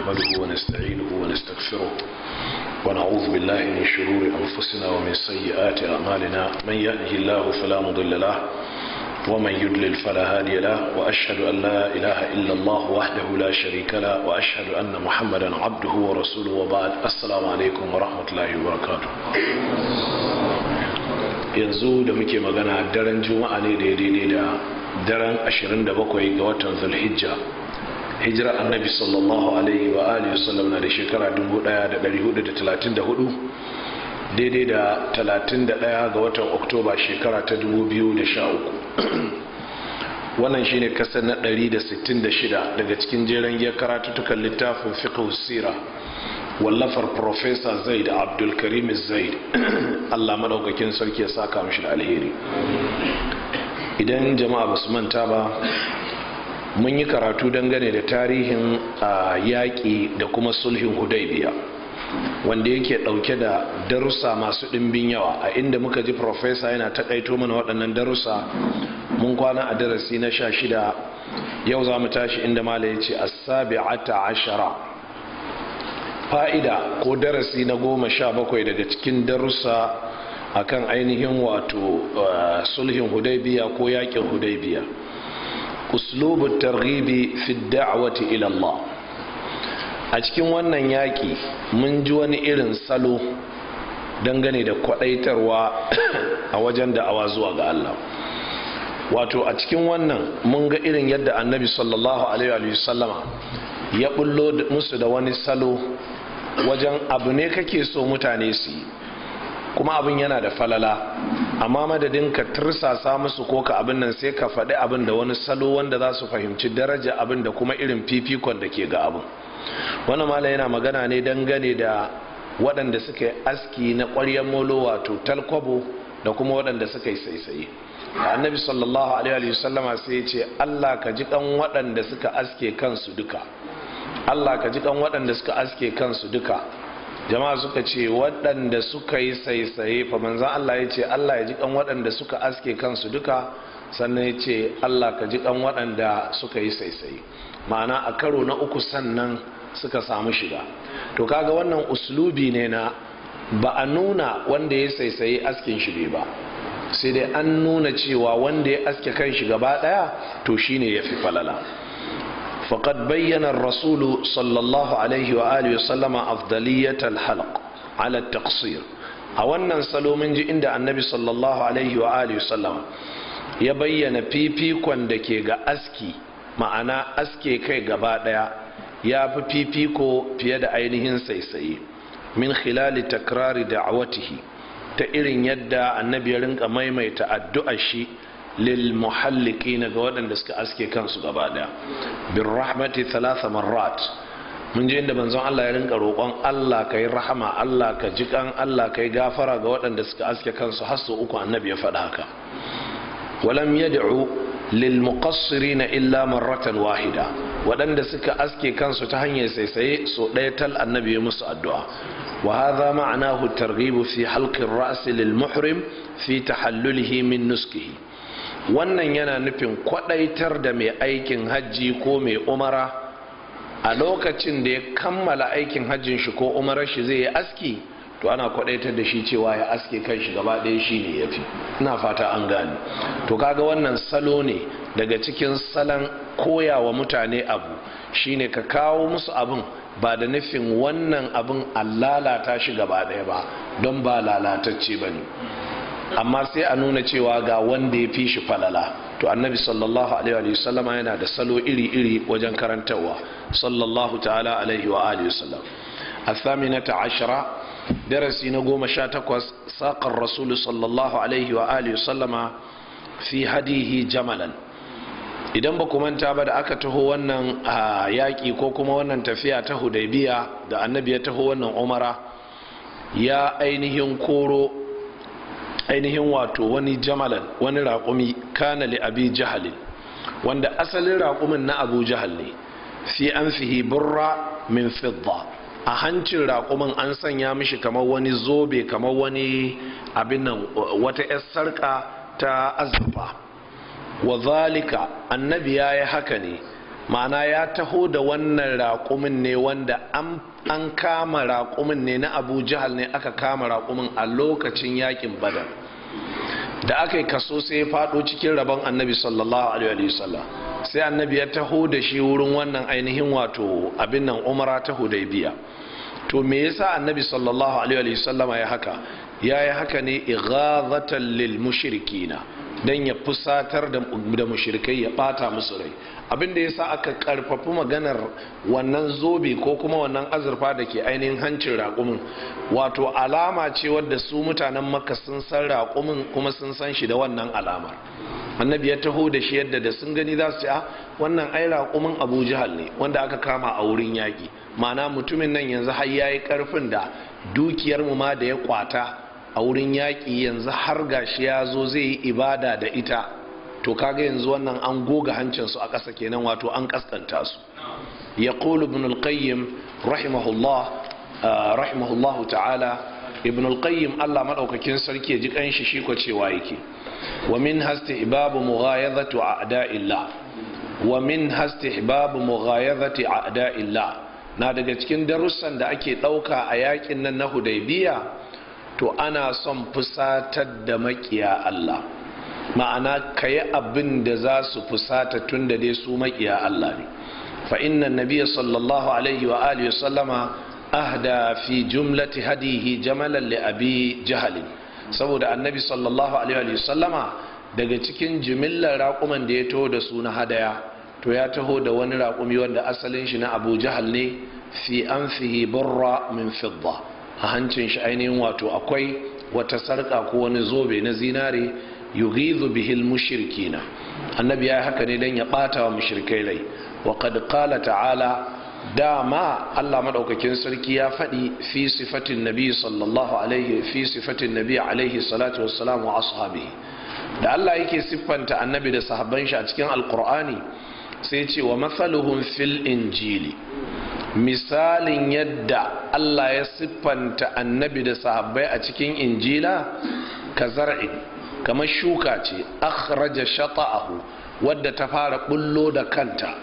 نحمده ونستعينه ونستغفره ونعوذ بالله من شرور أنفسنا ومن سيئات أعمالنا من يهده الله فلا مضل له ومن يدلل فلا هادي له وأشهد أن لا إله إلا الله وحده لا شريك له وأشهد أن محمدا عبده ورسوله وبعد السلام عليكم ورحمة الله وبركاته yanzu da muke magana daren juma'a ne daidai da daren 27 ga watan zulhijja hijira annabi sallallahu alaihi wa alihi wasallam na da shekara 1434 daidai da 31 ga watan oktoba shekara ta 2013 wannan shine kasa na 166 daga cikin jeren giyar karatuttukan littafin fiqh sira wallafar profesa zaid Abdul Karim zaid allah madaukakin sarki ya saka mishi da alheri idan jama'a basu manta ba mun yi karatu dangane da tarihin yaƙi da kuma sulhin hudaybiya wanda yake ɗauke da darussa masu ɗimbin yawa a inda muka ji profesa yana taƙaito mana waɗannan darussa mun kwana a darasi na sha shida yau za mu tashi inda mala ya ce asabi'ata ashara fa'ida ko darasi na goma sha bakwai daga cikin darussa akan ainihin wato sulhin hudaybiya ko yaƙin hudaybiya uslubu targhibi fi da'wati ila Allah a cikin wannan yaki mun ji wani irin salo dangane da kwadaitarwa a wajen da'awa zuwa ga Allah wato a cikin wannan mun ga irin yadda annabi sallallahu alaihi wa sallama ya bullo musu da wani salo wajen abu ne kake so mutane su yi kuma abin yana da falala amma madadin ka tursasa musu ko ka abin nan sai ka faɗi abin da wani salo wanda za su fahimci daraja abin da kuma irin fifikon da ke ga abin wani mala yana magana ne dangane da waɗanda suka yi aski na ƙwaryen molo wato talkwabo da kuma waɗanda suka yi saisaye annabi sallallahu alaihi wasallama sai ya ce allah ka ji ɗan waɗanda suka aske kansu duka allah ka ji waɗanda suka aske kansu duka jama'a suka ce waɗanda suka yi saisaye fa manzan Allah ya ce Allah ya ji kan waɗanda suka aske kansu duka sannan ya ce Allah ka ji kan waɗanda suka yi saisaye ma'ana a karo na uku sannan suka samu shiga to kaga wannan uslubi ne na ba a nuna wanda ya saisaye askin shi ba sai dai an nuna cewa wanda ya aske kan shi gaba ɗaya to shine ya fi falala Bukad bayyanan rasulu sallallahu alaihi wa'alihi wa salama. Abudalaya ta halaq alataksir. A wannan salo mun ji inda annabi sallallahu alaihi wa'alihi wa salam ya bayyana fifikon da ke ga aski. Ma'ana aske kai gaba ɗaya. Ya fi fifiko fiye da ainihin saisaye. Mun filalita ta kirari dacuwa ta Ta irin yadda annabi ya rinka maimaita addu'a shi. lil muhalliqina ga waɗanda suka aske kansu gaba daya bin rahmati thalatha marrat mun je inda manzon Allah ya rinka roƙon Allah kai rahama Allah ka jikan Allah kai gafara ga waɗanda suka aske kansu har su uku annabi ya faɗa haka walam yad'u lil muqassirina illa marratan wahida waɗanda suka aske kansu ta hanyar saisaye so ɗaya tal annabi ya musu addu'a wa hadha ma'anahu targhib fi halqi ar lil muhrim fi tahallulihi min nuskihi wannan yana nufin kwadaitar da mai aikin hajji ko mai umara a lokacin da ya kammala aikin hajjin shi ko umarar shi zai yi aski to ana kwadaitar da shi cewa ya aske kan shi gaba ɗaya shi ne ya fi ina fata an gane to kaga wannan salo ne daga cikin salon koya wa mutane abu shine ka kawo musu abin ba da nufin wannan abin a lalata shi gaba ɗaya ba don ba lalatacce ba ne amma sai a nuna cewa ga wanda ya fi shi falala to annabi sallallahu alaihi wa sallam yana da salo iri iri wajen karantarwa sallallahu ta'ala alaihi wa alihi wa sallam athaminata ashara darasi na goma sha takwas saƙar rasulu sallallahu alaihi wa alihi sallama fi hadihi jamalan idan ba manta ba da aka taho wannan yaƙi ko kuma wannan tafiya ta hudaybiya da annabi ya taho wannan umara ya ainihin koro ainihin wato wani jamalan wani raƙumi kana li abi jahalin wanda asalin raƙumin na abu jahal ne sai an fihi burra min fidda a hancin raƙumin an sanya mishi kamar wani zobe kamar wani abin nan wata 'yar sarƙa ta azurfa wa zalika annabi ya yi haka ne ma'ana ya taho da wannan raƙumin ne wanda an kama raƙumin ne na abu jihal ne aka kama raƙumin a lokacin yakin badar da aka yi kaso sai ya faɗo cikin rabon annabi sallallahu alaihi wasallam sai annabi ya taho da shi wurin wannan ainihin wato abin nan umara ta hudaybiya to me yasa annabi sallallahu alaihi wasallam ya haka ya yi haka ne ighazatan lil mushrikina dan ya fusatar da mushrikai ya bata musu rai abin da ya sa aka karfafi maganar wannan zobe ko kuma wannan azurfa da ke ainihin hancin raƙumin wato alama ce wadda su mutanen maka sun san raƙumin kuma sun san shi da wannan alamar annabi ya taho da shi yadda da sun gani za su ce a ah, wannan ai raƙumin abu jihar ne wanda aka kama a wurin yaƙi ma'ana mutumin nan yanzu har ya yi ƙarfin da dukiyar mu ma da ya kwata a wurin yaƙi yanzu har gashi ya zo zai yi ibada da ita to kaga yanzu wannan an goga hancin su a ƙasa kenan wato an ƙasƙanta su ya ƙulu ibn al-qayyim uh, rahimahullah ta'ala ibn al-qayyim Allah maɗaukakin sarki ya ji shi ko cewa yake wa min hasti ibabu mughayadhatu a'da'illah wa min hasti ibabu a'da'illah na daga cikin darussan da ake ɗauka a yaƙin nan na hudaybiya to ana son fusatar da maƙiya Allah ma'ana ka yi abin da za su fusata tun da dai su maƙiya Allah ne fa inna nabiya sallallahu alaihi wa alihi sallama ahda fi jumlati hadihi jamalan li abi jahalin saboda annabi sallallahu alaihi wa sallama daga cikin jimillar raƙuman da ya taho da su na hadaya to ya taho da wani raƙumi wanda asalin shi na abu jahal ne fi an fihi burra min fidda a hancin shi ainihin wato akwai wata sarƙa ko wani zobe na zinare yughizu bihil mushrikina annabi ya haka ne dan ya bata wa mushrikai rai wa qad qala ta'ala dama Allah madaukakin sarki ya faɗi fi sifatin nabi sallallahu alaihi fi sifatin nabi alaihi salatu wassalam wa ashabihi da Allah yake siffanta annabi da sahabban shi a cikin alqur'ani sai ce wa mathaluhum fil injili misalin yadda Allah ya siffanta annabi da sahabbai a cikin injila ka zar'in kamar shuka ce akhraja shata'ahu wadda ta fara bullo da kanta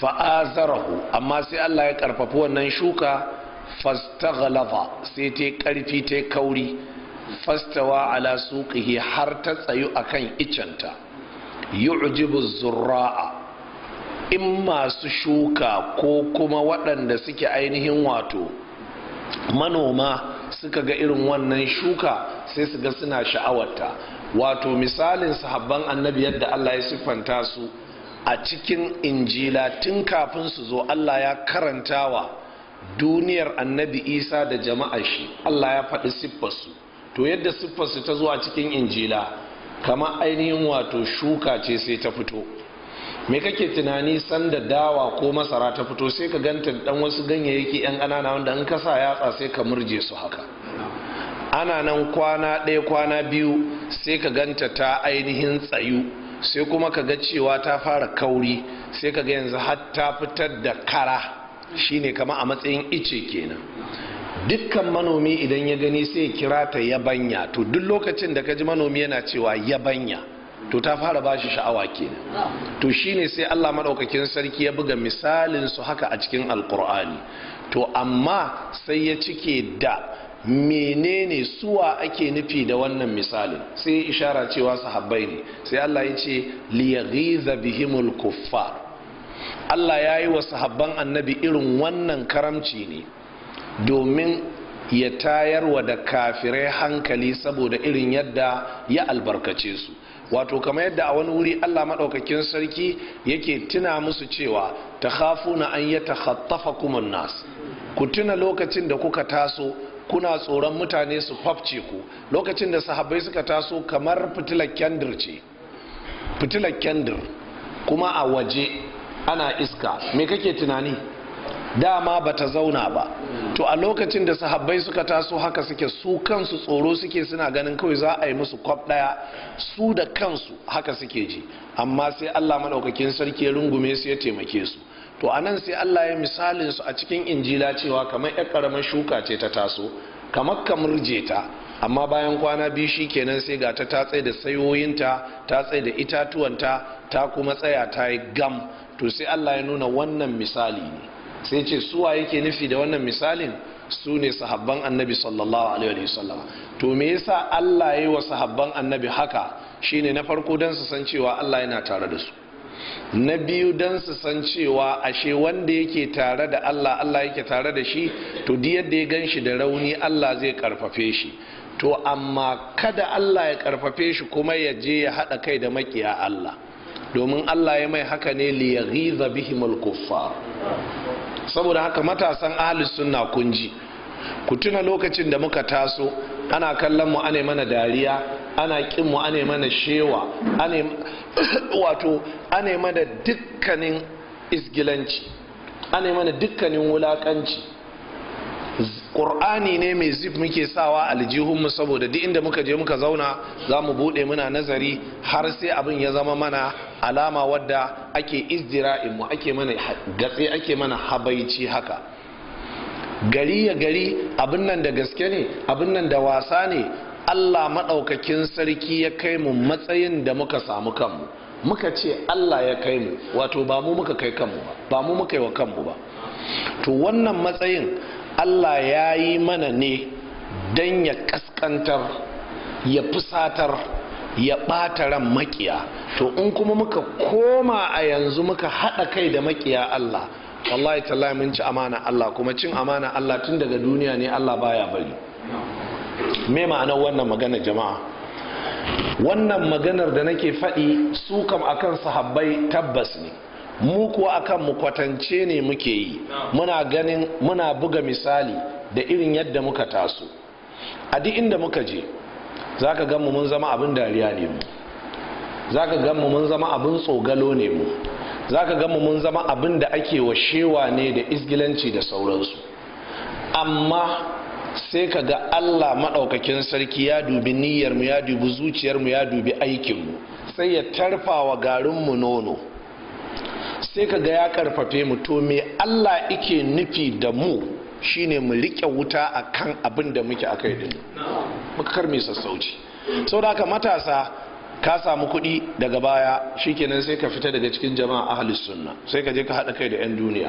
fa'azarahu amma sai Allah ya karfafi wannan shuka fastaghlaza sai ta karfi ta kauri fastawa ala suqihi har ta tsayu akan icenta yu'jibu zurra'a in masu shuka ko kuma waɗanda suke ainihin wato manoma suka ga irin wannan shuka sai su ga suna sha'awarta wato misalin sahabban annabi yadda Allah ya siffanta su a cikin injila tun kafin su zo Allah ya karantawa duniyar annabi isa da jama'ar shi Allah ya faɗi siffarsu to yadda siffarsu ta zuwa cikin injila kama ainihin wato shuka ce sai ta fito me kake tunani sanda dawa ko masara ta fito sai ka ganta dan wasu ganyayyaki yan ƙanana wanda in kasa sa yatsa sai ka murje su haka ana nan kwana ɗaya kwana biyu sai ka ganta ta ainihin tsayu sai kuma ka ga cewa ta fara kauri sai ka ga yanzu har ta fitar da kara shine kama a matsayin ice kenan dukkan manomi idan ya gani sai kira ta yabanya to duk lokacin da ka ji manomi yana cewa yabanya to ta fara bashi sha'awa kenan to shine sai Allah madaukakin sarki ya buga misalin su haka a cikin alkur'ani to amma sai ya cike da menene suwa ake nufi da wannan misalin sai ya ishara cewa sahabbai ne sai Allah ya ce liyaghiza bihimul kuffar Allah ya yi wa sahabban annabi irin wannan karamci ne domin ya tayarwa da kafirai hankali saboda irin yadda ya albarkace su wato kamar yadda a wani wuri Allah maɗaukakin sarki yake tuna musu cewa ta na an ya hattafa kuma nas ku tuna lokacin da kuka taso kuna tsoron mutane su fafce ku lokacin da sahabbai suka taso kamar fitilar kyandir ce fitilar kyandir kuma a waje ana iska me kake tunani dama bata zauna ba to a lokacin da sahabbai suka taso haka suke su kansu tsoro suke suna ganin kawai za a yi musu kwaf daya su da kansu haka suke ji amma sai Allah madaukakin sarki ya rungume su ya taimake su to a nan sai Allah ya misalin su a cikin injila cewa kamar yar karamar shuka ce ta taso kamar je ta amma bayan kwana biyu shi kenan sai ga ta ta da sayoyinta ta tsaye da itatuwanta ta kuma tsaya ta yi gam to sai Allah ya nuna wannan misali ne sai ce suwa yake nufi da wannan misalin su ne sahabban annabi sallallahu alaihi wasallam to me yasa Allah yayi wa sahabban annabi haka shine na farko dan su san cewa Allah yana tare da su na biyu dan su san cewa ashe wanda yake tare da Allah Allah yake tare da shi to duk yadda ya gan shi da rauni Allah zai karfafe shi to amma kada Allah ya karfafe shi kuma ya je ya haɗa kai da makiya Allah domin Allah ya mai haka ne li yaghiza bihimul kuffar saboda haka matasan ahlus sunna kunji ji ku tuna lokacin da muka taso ana kallon mu ane mana dariya ana kin mu ane mana shewa wato ane mana dukkanin isgilanci ane mana dukkanin wulakanci Qur'ani ne mai zip muke sawa aljihunmu saboda duk inda muka je muka zauna za mu buɗe muna nazari har sai abin ya zama mana alama wadda ake izdira'inmu ake mana gatsi ake mana habaici haka gari ya gari abin nan da gaske ne abin nan da wasa ne allah maɗaukakin sarki ya kai mu matsayin da muka samu kanmu muka ce allah ya kai mu wato ba mu muka kai kanmu ba ba mu muka yi wa kanmu ba to wannan matsayin Allah ya yi mana ne don ya kaskantar ya fusatar ya ɓata ran makiya to in kuma muka koma a yanzu muka haɗa kai da makiya Allah wallahi tallahi mun ci amana Allah kuma cin amana Allah tun daga duniya ne Allah baya bari me ma'anar wannan magana jama'a wannan maganar da nake faɗi su kam akan sahabbai tabbas ne mu kuwa akan mu kwatance ne muke yi muna ganin muna buga misali da irin yadda muka taso a duk inda muka je za ka mu mun zama abin dariya ne mu za ka mu mun zama abin tsogalo ne mu za ka mu mun zama abin da ake wa shewa ne da izgilanci da sauransu amma sai ka ga allah maɗaukakin sarki ya dubi niyyarmu ya dubi zuciyarmu ya dubi aikinmu sai ya tarfa wa garinmu nono sai ka ga ya karfafe mu to me Allah yake nufi da mu shine mu rike wuta akan abin da muke akai din muka mai sassauci sau da matasa ka samu kuɗi daga baya shikenan sai ka fita daga cikin jama'a ahli sunna sai ka je ka haɗa kai da 'yan duniya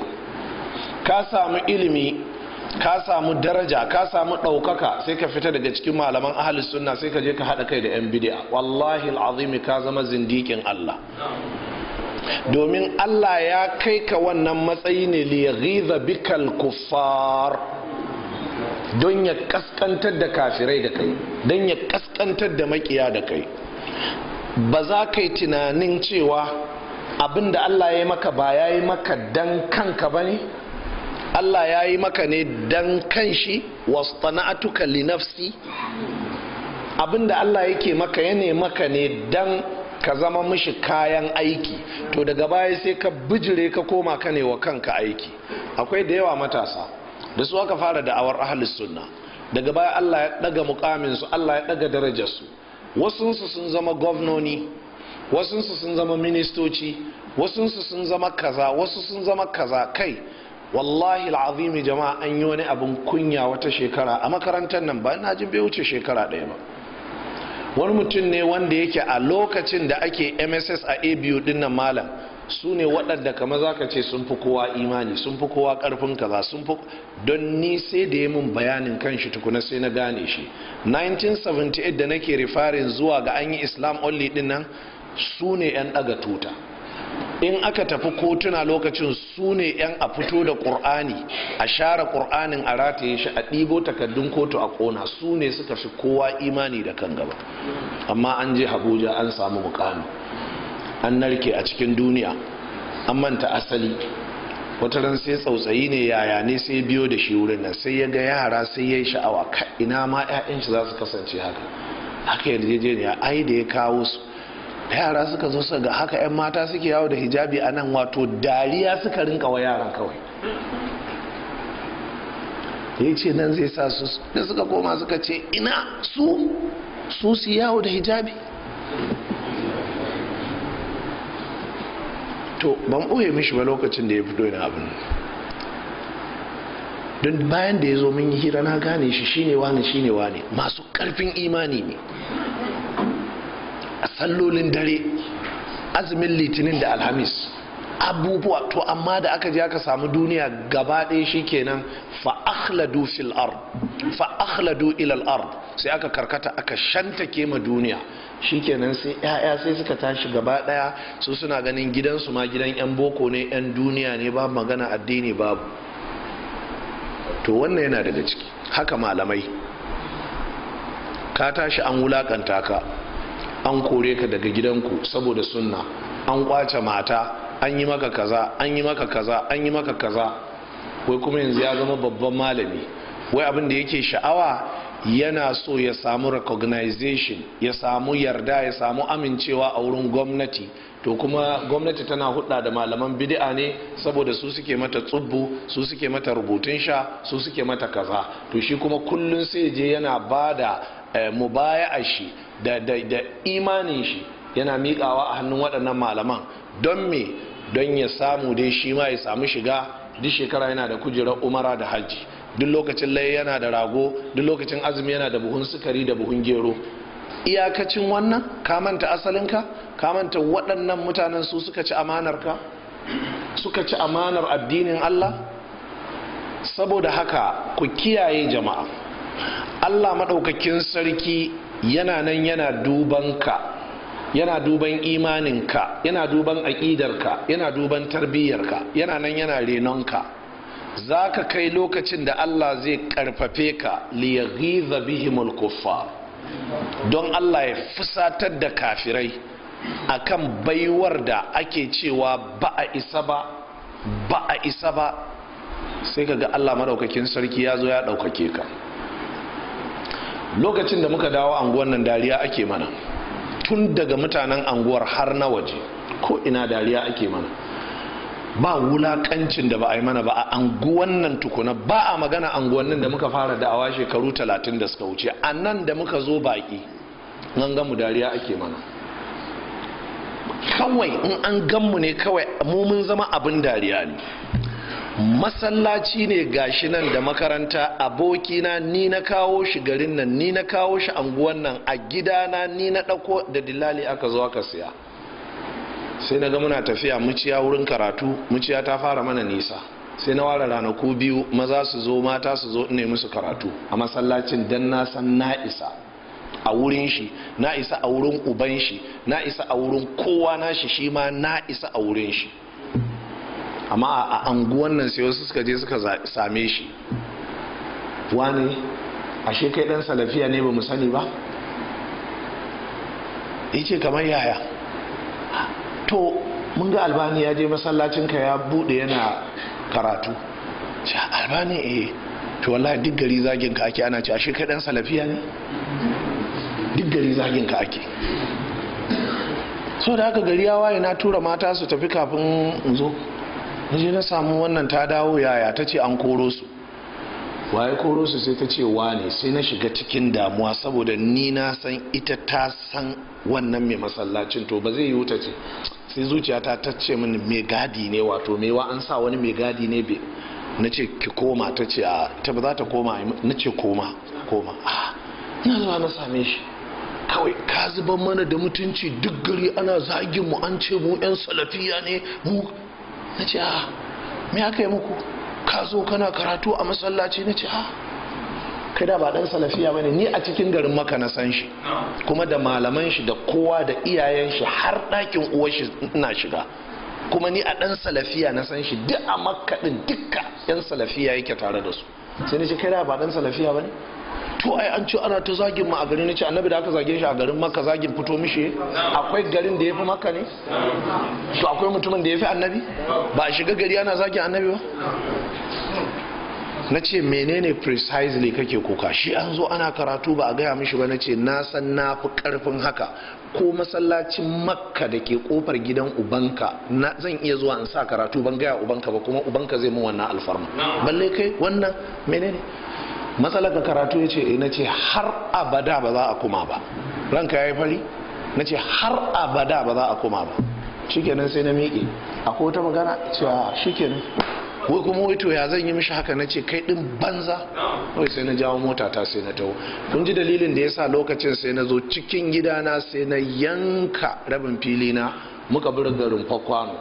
ka samu ilimi ka samu daraja ka samu ɗaukaka sai ka fita daga cikin malaman ahlisunna sunna sai ka je ka haɗa kai da 'yan bidiya wallahi al'azimi ka zama zindikin Allah domin Allah ya kai ka wannan matsayi ne liyaghiza bikal kuffar don ya kaskantar da kafirai da kai don ya kaskantar da makiya da kai ba za ka yi tunanin cewa abin da Allah ya yi maka ba ya yi maka dan kanka ba ne Allah ya yi maka ne dan kanshi wasana'atuka li nafsi abin da Allah yake maka ya ne maka ne dan ka zama mishi kayan aiki to daga baya sai ka bijire ka koma ka ne wa kanka aiki akwai da yawa matasa da su aka fara da awar sunna daga baya Allah ya daga mukamin Allah ya daga darajarsu. su wasunsu sun zama gwamnoni wasunsu sun zama ministoci wasunsu sun zama kaza wasu sun zama kaza kai wallahi al'azimi jama'a an yi wani abin kunya wata shekara a makarantar nan ba na jin bai wuce shekara ɗaya ba wani mutum ne wanda yake a lokacin da ake mss a abu dinnan malam su ne waɗanda kama za ka ce sun fi kowa imani sun fi kowa ƙarfin kaza sun fi don ni sai da ya min bayanin kan shi tukuna sai na gane shi 1978 da nake rifarin zuwa ga an yi islam only dinnan su ne 'yan ɗaga tuta in aka tafi kotuna lokacin su ne 'yan a fito da ƙur'ani a share ƙur'anin a rataye shi a ɗibo takardun kotu a ƙona su ne suka fi kowa imani da kan gaba amma an je abuja an samu mukami an narke a cikin duniya an manta asali wata ran sai tsautsayi ne yaya ne sai biyo da shi wurin nan sai ya ga yara sai ya yi sha'awa ina ma 'ya'yan shi za su kasance haka haka yarjejeniya ai da ya kawo su yara suka zo su ga haka 'yan mata suke yawo da hijabi a nan wato dariya suka rinka wa yaran kawai ya ce nan zai sa su da suka koma suka ce ina su su su yawo da hijabi to ban ɓoye mishi ba lokacin da ya fito yana abin don bayan da ya zo mun yi hira na gane shi shine wane shine wane masu karfin imani ne a sallolin dare azumin litinin da alhamis abubuwa to amma da aka je aka samu duniya gaba ɗaya shikenan kenan fa'akhladu fil ard ilal sai aka karkata aka shantake ma duniya shikenan sai yaya sai suka tashi gaba ɗaya su suna ganin gidansu ma gidan yan boko ne yan duniya ne ba magana addini babu to wannan yana daga ciki haka malamai ka tashi an wulakanta ka an kore ka daga gidanku saboda sunna an kwace mata an yi maka kaza an yi maka kaza an yi maka kaza wai kuma yanzu ya zama babban malami wai abin da yake sha'awa yana so ya samu recognition ya samu yarda ya samu amincewa a wurin gwamnati to kuma gwamnati tana hudda da malaman bid'a ne saboda su suke mata tsubbu su suke mata rubutun sha su suke mata kaza to shi kuma kullum sai je yana bada Eh, mubaya'a shi da imanin shi yana miƙawa a hannun waɗannan malaman don me don ya samu dai shi ma ya samu shiga duk shekara yana da kujerar umara da hajji duk lokacin lai yana da rago duk lokacin azumi yana da buhun sukari da buhun gero iyakacin wannan ka manta asalinka ka manta waɗannan mutanen su suka ci amanar ka suka ci amanar addinin Allah saboda haka ku kiyaye jama'a Allah maɗaukakin sarki yana nan yana duban ka yana duban imaninka yana duban aƙidarka yana duban tarbiyyarka yana nan yana renonka za ka kai lokacin da Allah zai ƙarfafe ka liyaghiza bihimul kuffar don Allah ya fusatar da kafirai akan baiwar da ake cewa ba a isa ba ba a isa ba sai ka ga Allah maɗaukakin sarki ya zo ya ɗaukake ka lokacin da muka dawo anguwan nan dariya ake mana tun daga mutanen anguwar har na waje ko ina dariya ake mana ba wulakancin da ba a yi mana ba a anguwan nan tukuna ba a magana unguwannin da muka fara da'awa shekaru talatin da suka wuce a nan da muka zo baki nan gamu dariya ake mana kawai in an ganmu ne kawai mu mun zama abin dariya ne masallaci ne gashi nan da makaranta abokina ni na kawo shi garin nan ni na kawo shi anguwan nan a gidana ni na ɗauko da dilali aka zo aka siya sai na ga muna tafiya muciya wurin karatu muciya ta fara mana nisa sai na ware ranaku biyu maza su zo mata su zo ne musu karatu a masallacin dan na san na isa a wurin shi na isa a wurin uban shi na isa a wurin kowa na shi shi ma na isa a wurin shi amma a anguwan nan sai wasu suka je suka same shi wani ashe kai dan salafiya ne ba mu sani ba ce kamar yaya to mun ga albani ya je masallacin ka ya bude yana karatu ce albani eh to wallahi duk gari zagin ka ake ana ce ashe kai dan salafiya ne duk gari zagin ka ake so da haka gari ya waye na tura mata su tafi kafin in zo na je na samu wannan ta dawo yaya ta ce an koro su waye koro su sai ta ce wane sai na shiga cikin damuwa saboda ni na san ita ta san wannan mai masallacin to ba zai yi wuta ce sai zuciyata ta ce mini mai gadi ne wato wa an sa wani mai gadi ne be na ce ki koma ta ce a ta ba za ta koma na ce koma koma a na zuwa na same shi kawai ka zuban mana da mutunci duk gari ana zagin mu an ce mu yan salafiya ne mu na ce a ah, me aka yi muku ka zo kana karatu a masallaci na ce a ah, kai da ba dan salafiya ba ne ni a cikin garin maka na san shi kuma da malaman shi da kowa da iyayen shi har ɗakin uwar shi ina shiga kuma ni a ɗan salafiya na san shi duk a makka din dukka yan salafiya yake tare da su sai ne ce kai da ba dan salafiya bane to ai an ce ana ta zagin mu a garin ce annabi da aka zage shi a garin makka zagin fito mishi akwai garin da ya fi makka ne to akwai mutumin da ya fi annabi ba a shiga gari ana zagin annabi ba na ce menene precisely kake kuka shi an zo ana karatu ba a gaya mishi ba na ce na san na fi karfin haka ko masallacin makka da ke kofar gidan ubanka na zan iya zuwa in sa karatu ban gaya ubanka ba kuma ubanka zai mun wannan alfarma balle kai wannan menene matsalar karatu ya ce eh, na ce har abada ba za a kuma ba ranka ya yi fari na ce har abada ba za a kuma ba shikenan sai na miƙe akwai wata magana cewa shikenan ko kuma wato ya zan yi mishi haka na ce kai din banza wai sai na jawo mota ta sai na taho kun ji dalilin da yasa lokacin sai na zo cikin gidana sai na yanka rabin fili na muka bi garin kwano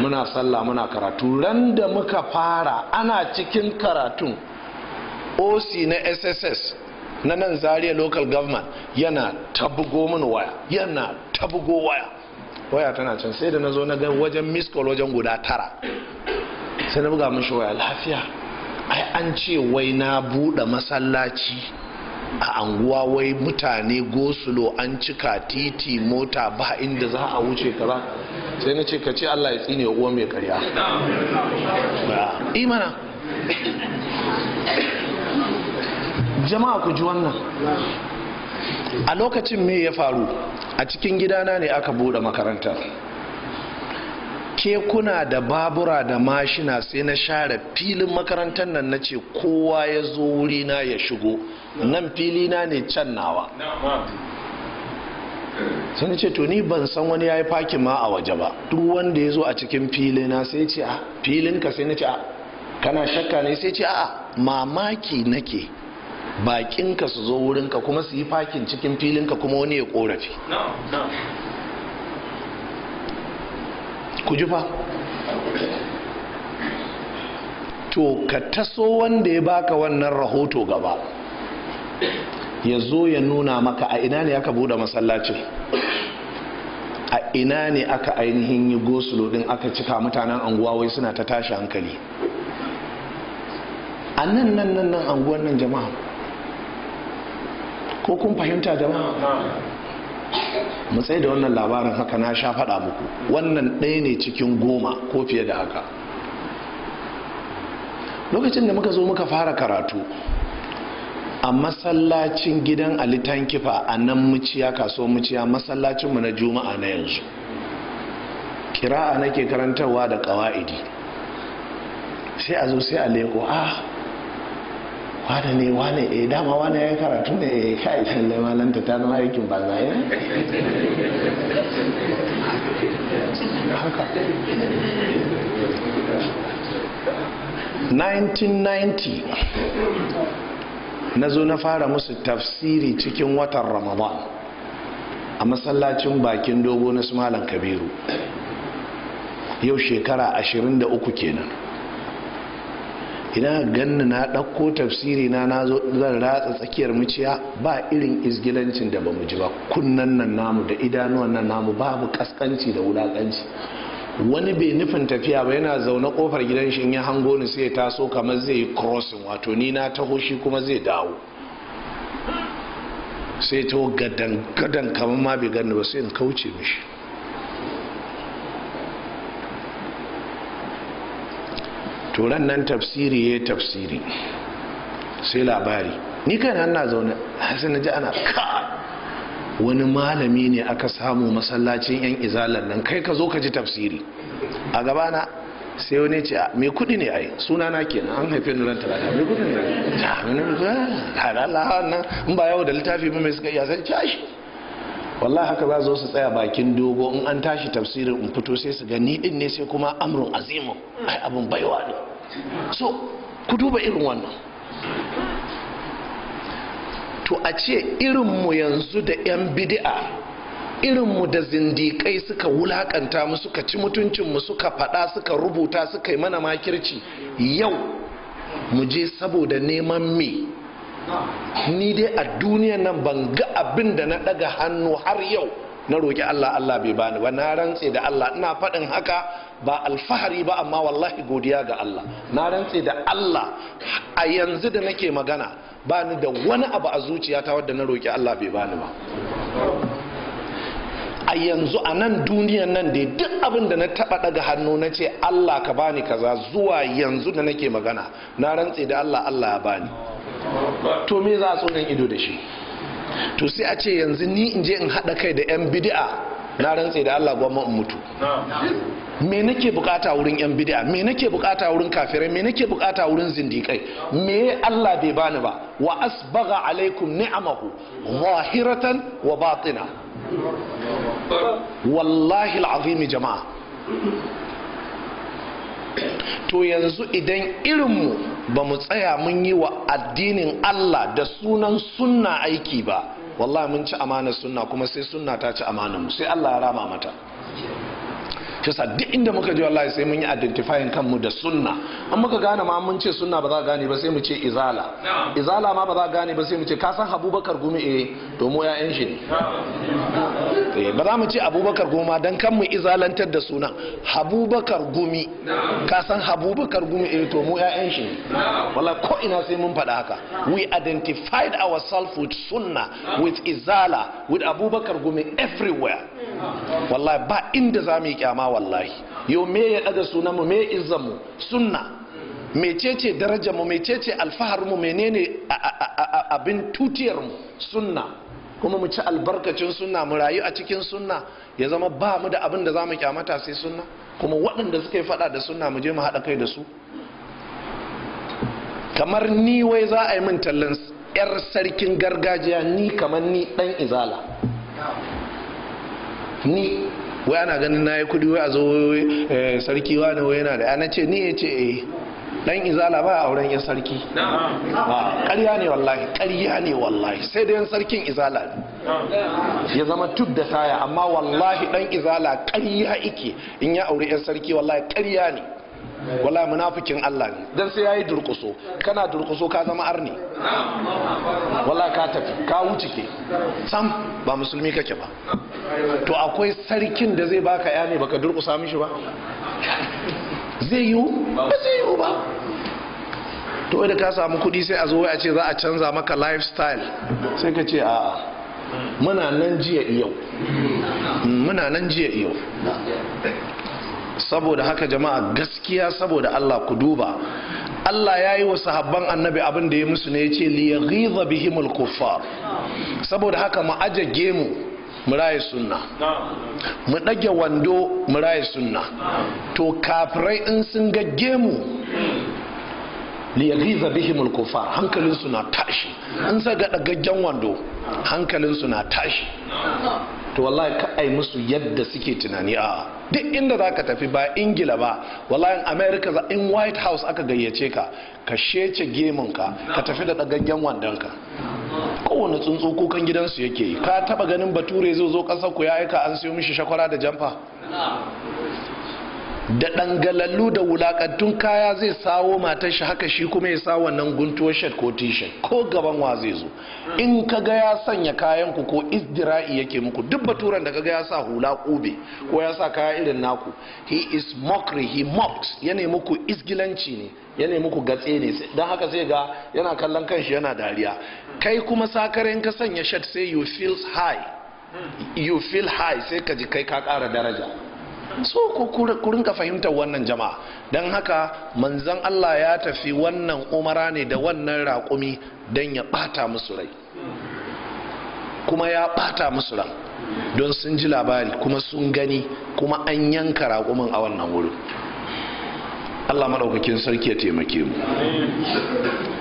muna sallah muna karatu ran da muka fara ana cikin karatun oc na sss na nan zaria local government yana tabugo mini waya yana tabugo waya waya tana can sai da na zo na ga wajen miss wajen guda tara sai na buga mishi waya lafiya ai an ce wai na buɗe masallaci a anguwa wai mutane gosulo an cika titi mota ba inda za a wuce kaza sai na ce ka ce Allah ya tsine uwa mai karya imana jama'a ku ji wannan a lokacin me ya faru a cikin gidana ne aka buɗe makarantar kekuna da babura da mashina sai na share filin makarantar nan na ce kowa ya zo wurina ya shigo nan filina ne can nawa sun ce to ni ban san wani ya yi fakin ma a waje ba duk wanda ya zo a cikin filina sai ce a ah, filinka sai na ce a ah, kana shakka ne sai ce a mamaki nake bakinka su zo wurinka kuma su yi fakin cikin filinka kuma wani ya korafi ku ji fa to ka taso wanda ya baka wannan rahoto gaba ya zo ya nuna maka a ina ne aka bude masallacin a ina ne aka ainihin yi gosulo din aka cika mutanen anguwa suna ta tashi hankali a nan nan nan nan anguwan nan jama'a ko kun fahimta jama'a mu tsaye da wannan labarin haka na sha faɗa muku wannan ɗaya ne cikin goma ko fiye da haka lokacin da muka zo muka fara karatu a masallacin gidan alitan kifa a nan muciya kaso muciya masallacinmu na juma'a na yanzu kira'a nake karantarwa da ƙawa'idi sai a zo sai a leko ah wane ne wane eh dama wane ya karatu ne eh kai lallai malanta ta zama aikin banza ya eh? haka 1990 na zo na fara musu tafsiri cikin watan ramadan a masallacin bakin dogo na su malam kabiru yau shekara 23 kenan idan ganni na ɗauko tafsiri na na zo zan ratsa tsakiyar muciya ba irin izgilancin da bamu ji ba kunnan nan namu da idanuwan nan namu babu kaskanci da wulakanci wani bai nufin tafiya ba yana zaune kofar gidan shi in ya hango ni sai ya taso kamar zai yi crossing wato ni na taho shi kuma zai dawo sai taho gadan gadan kamar ma bai ganni ba sai in kauce mishi turan nan tafsiri ya tafsiri sai labari ni kan ana zaune sai na ji ana ka wani malami ne aka samu masallacin yan izalar nan kai ka zo ka ji tafsiri a gabana sai wani ce ah, mai kudi ne ai suna na kenan an haife ni talata mai kudi ne ta hannu ba halala hannun in ba yau da littafi ba mai suka iya sai cashi wallahi haka za su tsaya bakin dogo in an tashi tafsirin in fito sai su gani din ne sai kuma amrun azimu ai abin baiwa ne so ku duba irin wannan to a ce irinmu yanzu da 'yan bidi'a mu da zindikai suka wulakanta mu suka ci mutuncin mu suka faɗa suka rubuta suka yi mana makirci yau mu je saboda neman me ni dai a duniya nan ban ga abin da na daga hannu har yau na roƙi Allah Allah bai bani ba na rantse da Allah ina faɗin haka ba alfahari ba amma wallahi godiya ga Allah na rantse da Allah a yanzu da nake magana ba ni da wani abu a zuciyata wadda na roƙi Allah bai bani ba a yanzu a nan duniyan nan dai duk abin da na taɓa daga hannu na ce Allah ka bani kaza zuwa yanzu da nake magana na rantse da Allah Allah ya bani to me za a tsoron ido da shi to sai a ce yanzu ni in je in haɗa kai da 'yan bidi'a na rantse da Allah gwamma in mutu me nake bukata wurin 'yan bidi'a me nake bukata wurin kafirai me nake bukata wurin zindikai me Allah bai bani ba wa asbaga alaikum ni'amahu zahiratan wa batina wallahi al'azimi jama'a to yanzu idan irinmu ba mu tsaya mun yi wa addinin Allah da sunan sunna aiki ba wallahi mun ci amana sunna kuma sai sunna ta ci amanar mu sai Allah ya rama mata tasa duk inda muka je wallahi sai mun yi identifying kanmu da sunna an muka gane ma mun ce sunna ba za gane ba sai mu ce izala izala ma ba za gane ba sai mu ce ka san abubakar gumi eh to mu ya shi ne eh, ba za mu ce abubakar gumi ma dan kan mu izalantar da suna abubakar gumi ka san abubakar gumi eh to mu ya shi ne wallahi ko ina sai mun faɗa haka we identified ourselves with sunna with izala with abubakar gumi everywhere wallahi ba inda za mu yi kyama wallahi yau me ya ɗaga sunan mu me izzan sunna mecece darajarmu mu mecece alfahar mu menene abin tutiyarmu sunna kuma mu ci albarkacin sunna mu rayu a cikin sunna ya zama ba mu da abin da za mu kyamata sai sunna kuma waɗanda suka yi faɗa da sunna mu je mu haɗa kai da su kamar ni wai za a yi min tallan yar sarkin gargajiya ni kamar ni ɗan izala ni wai ana ganin na yi kudi wai a zo eh, sarki wani wai yana da ana ce ni ya ce eh dan izala ba auren yan sarki ah, ƙarya ne wallahi ƙarya ne wallahi sai da yan sarkin izala ya zama tub da taya amma wallahi dan izala ƙarya ike in ya aure yan sarki wallahi ƙarya ne wallahi munafikin Allah ne dan sai yayi durkuso kana durkuso ka zama arni wallahi ka tafi ka wuce ke sam ba musulmi kake ba to akwai sarkin da zai baka ya ne baka durkusa mishi ba zai yiwu ba zai yiwu ba to da ka samu kuɗi sai a zo a ce za a canza maka lifestyle sai ka ce a'a muna nan jiya iyo. Mm, muna nan jiya iyo. saboda haka jama'a gaskiya saboda Allah ku duba Allah ya yi wa sahabban annabi abin da ya musu ne ya ce liyaghiza bihimul kuffar saboda haka mu aje gemu mu raye sunna mu ɗage wando mu raye sunna to kafirai in sun ga gemu liyaghiza bihimul kufar hankalin su na tashi an saka dagaggen wando hankalin su na tashi to wallahi ka ai musu yadda suke tunani a duk inda zaka tafi ba ingila ba wallahi in america in white house aka gayyace ka ka shece gemun ka ka tafi da dagaggen wandon ka kowane tsuntsu kukan gidansu yake ka taba ganin bature zai zo kasar ku ya aika an siyo mishi shakwara da jamfa da ɗangalallu da wulaƙantun kaya zai sawo matar shi haka shi kuma ya sa wannan guntuwar shirt ko t ko gaban wa zai zo in ka ga ya sanya kayan ku ko isdira'i yake muku duk baturan da ka ga ya sa hula kube ko ya sa kaya irin naku he is mockery he mocks ya nemi ku isgilanci ne ya nemi ku gatse ne don haka zai ga yana kallon kanshi yana dariya kai kuma sakar in ka sanya shirt sai you feel high you feel sai ka ji kai ka ƙara daraja so ku kurinka fahimtar wannan jama'a don haka manzan Allah ya tafi wannan umara ne da wannan raƙumi don ya ɓata musu rai kuma ya ɓata musu ran don sun ji labari kuma sun gani kuma an yanka raƙumin a wannan wurin Allah maɗaukakin sarki ya taimake mu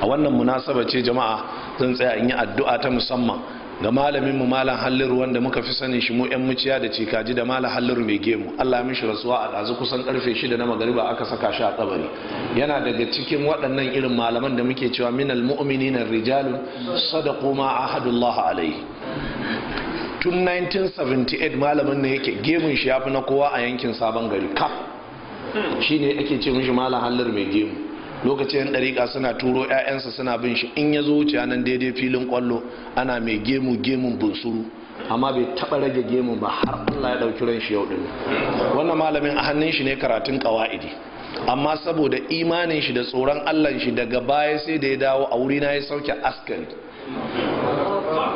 a wannan munasaba ce jama'a zan tsaya in yi addu'a ta musamman ga malamin mu malam halliru wanda muka fi sanin shi mu yan muciya da cikaji da malam halliru mai gemu Allah ya mishi rasuwa a ɗazu kusan karfe shida na magariba aka saka shi a kabari yana daga cikin waɗannan irin malaman da muke cewa minal mu'minina rijalun sadaqu ma ahadullah alaihi tun 1978 malamin ne yake gemun shi ya fi na kowa a yankin sabon gari ka shine yake ake ce mishi malam hallar mai gemu lokacin ɗariƙa suna turo 'ya'yansa suna bin shi in ya zo wuce nan daidai filin kwallo ana mai gemu gemun bunsuru amma bai taɓa rage gemun ba har allah ya ɗauki ran shi yau ɗin wannan malamin a hannun shi ne karatun ƙawa'idi amma saboda imanin shi da tsoron allah shi daga baya sai da ya dawo a wuri na ya sauke askari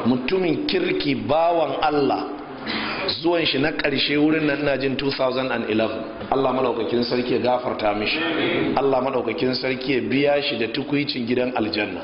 mutumin kirki bawan allah zuwan shi na ƙarshe wurin nan na jin 2011 Allah madaukakin sarki ya gafarta mishi Allah madaukakin sarki ya biya shi da tukuicin gidan aljanna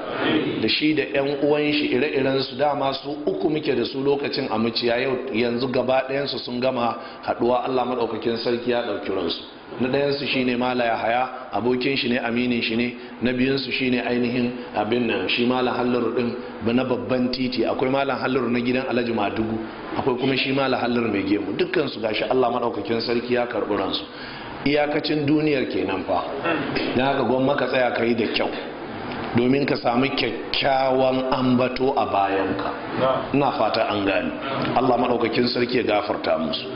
da shi da ƴan uwan shi ire-iren su dama su uku muke da su lokacin a yau yanzu gaba ɗayan su sun gama haɗuwa Allah madaukakin sarki ya ɗauki ransu na ɗayansu shine mala ya haya abokin shi ne aminin shi ne na shi shine ainihin abin nan shi malam hallar din na babban titi akwai malam hallar na gidan alhaji madugu akwai kuma shi malam hallar mai gemu dukkansu su gashi Allah maɗaukakin sarki ya karɓi ransu iyakacin duniyar kenan fa dan haka gwamma ka tsaya ka yi da kyau domin ka sami kyakkyawan ambato a bayanka ina fata an gani Allah maɗaukakin sarki ya gafarta musu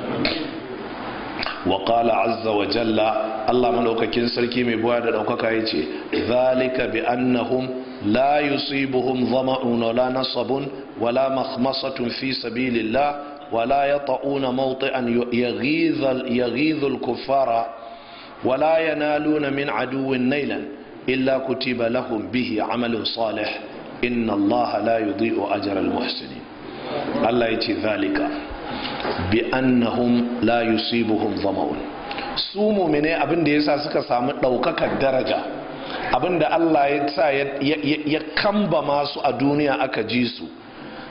وقال عز وجل الله ملوككين سركي مي بوا دا دوكا ذلك بانهم لا يصيبهم ظمأ ولا نصب ولا مخمصة في سبيل الله ولا يطؤون موطئا يغيظ يغيظ الكفار ولا ينالون من عدو نيلا الا كتب لهم به عمل صالح ان الله لا يضيء اجر المحسنين الله يجي ذلك bi annahum la yusibuhum zama'un su mumine abin da yasa suka samu ɗaukakar daraja abin da Allah ya sa ya kamba masu a duniya aka ji su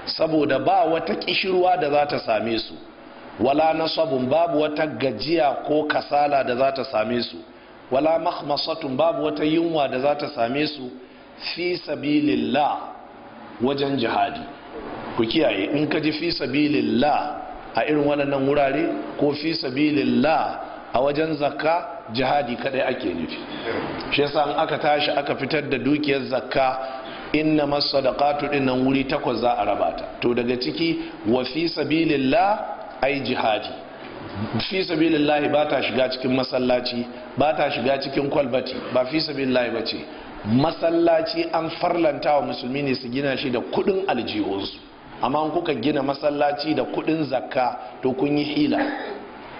saboda ba wata kishirwa da za ta same su wala nasabun babu wata gajiya ko kasala da za ta same su wala mahmasatun babu wata yunwa da za ta same su fi sabilillah wajen jihadi ku kiyaye in ka ji fi sabilillah a irin waɗannan wurare ko fi sabilillah a wajen zakka jihadi kaɗai ake nufi shi yasa aka tashi aka fitar da dukiyar zakka inna masadaqatu din nan wuri takwas za a raba ta to daga ciki wa fi sabilillah ai jihadi fi sabilillah ba ta shiga cikin masallaci ba ta shiga cikin kwalbati ba fi sabilillah ba ce masallaci an farlanta wa musulmi ne su gina shi da kudin aljihunsu amma kuka gina masallaci da kuɗin zakka to kun yi hila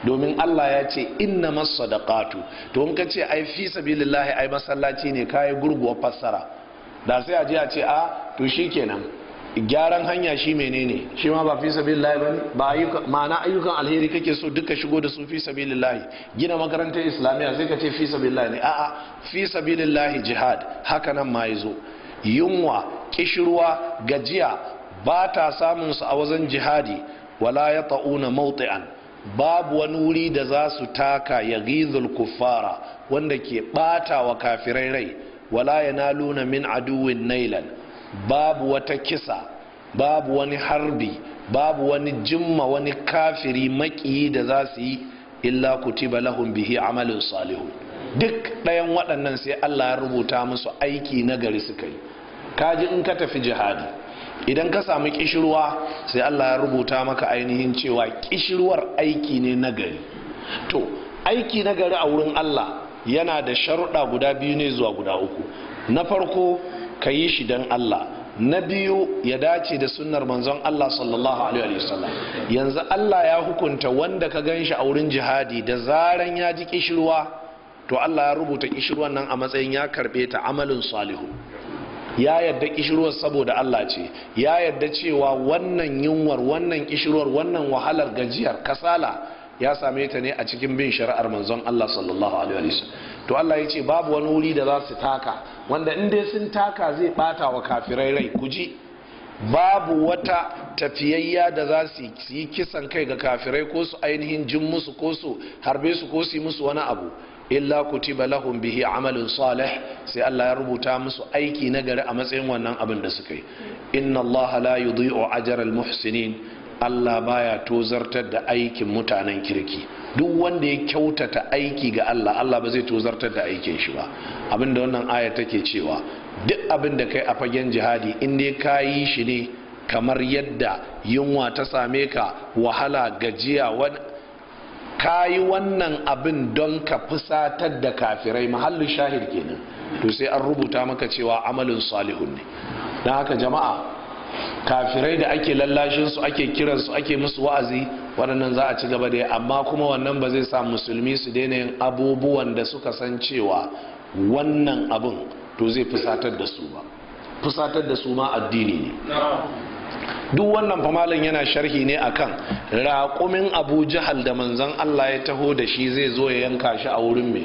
domin Allah ya ce inna masadaqatu to in ka ce ai fi sabilillahi ai masallaci ne kai gurguwa fassara da sai a a ce a to shikenan gyaran hanya shi menene shi ma ba fi sabilillahi bane ba ma'ana ayyukan alheri kake so duka shigo da su fi sabilillahi gina makarantar islamiyya sai ka ce fi sabilillahi ne a'a fi sabilillahi jihad haka nan ma zo. yunwa kishirwa gajiya ba ta samun su a wajen jihadi wala ya ta'una mawti'an babu wani wuri da za su taka ya gizul kuffara wanda ke bata wa kafirai rai wala ya naluna min aduwin nailan babu wata kisa babu wani harbi babu wani jimma wani kafiri makiyi da za su yi illa kutiba lahum bihi amalin salihu duk ɗayan waɗannan sai allah ya rubuta musu aiki na gari suka yi kaji in ka tafi jihadi idan ka samu kishirwa sai Allah ya rubuta maka ainihin cewa kishirwar aiki ne nagari to aiki nagari a wurin Allah yana da sharuɗa guda biyu ne zuwa guda uku na farko ka yi shi don Allah na biyu ya dace da sunnar manzon Allah sallallahu alaihi wasallam yanzu Allah ya hukunta wanda ka gan shi a wurin jihadi da zaran ya ji kishirwa to Allah ya rubuta kishirwan nan a matsayin ya karbe ta amalin salihu ya yadda kishirwar saboda Allah ce ya yadda cewa wannan yunwar wannan kishirwar wannan wahalar gajiyar kasala ya same ta ne a cikin bin shari'ar manzon Allah sallallahu alaihi wasallam to Allah ya ce babu wani wuri da za su taka wanda in dai sun taka zai bata wa kafirai rai ku ji. babu wata tafiyayya da za su yi kisan kai ga kafirai ko su ainihin jin musu ko su harbe su ko su yi musu wani abu illa kutiba lahum bihi amalun salih sai Allah ya rubuta musu aiki na gari a matsayin wannan abin da suka yi inna Allah la yudhi'u ajral muhsinin Allah baya tozartar da aikin mutanen kirki duk wanda ya kyautata aiki ga Allah Allah ba zai tozartar da aikin shi ba abinda wannan aya take cewa duk abin da kai a fagen jihadi in dai ka yi shi ne kamar yadda yunwa ta same ka wahala gajiya wani ka yi wannan abin don ka fusatar da kafirai mahallin shahid kenan to sai an rubuta maka cewa amalin salihun ne Na haka jama'a kafirai da ake su ake kiran su ake musu wa'azi waɗannan za a ci gaba da amma kuma wannan ba zai sa musulmi su daina yin abubuwan da suka san cewa wannan abin to zai fusatar da su ba fusatar da su ma addini ne duk wannan famalin yana sharhi ne akan raƙumin abu jahal da manzan allah ya taho da shi zai zo ya yanka shi a wurin mai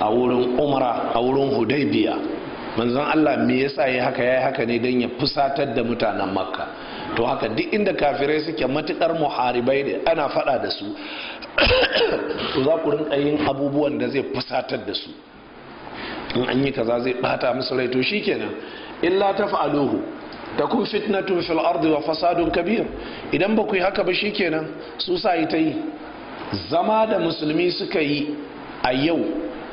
a wurin umara a wurin hudaybiya manzan allah me yasa ya haka ya haka ne don ya fusatar da mutanen makka to haka duk inda kafirai suke matukar muharibai ne ana fada da su to za ku rinka yin abubuwan da zai fusatar da su in an yi kaza zai bata musu rai to shikenan illa fa'aluhu takun fitnatun fil ardi wa fasadun kabir idan ba ku yi haka ba shi kenan su sa yi ta yi zama da musulmi suka yi a yau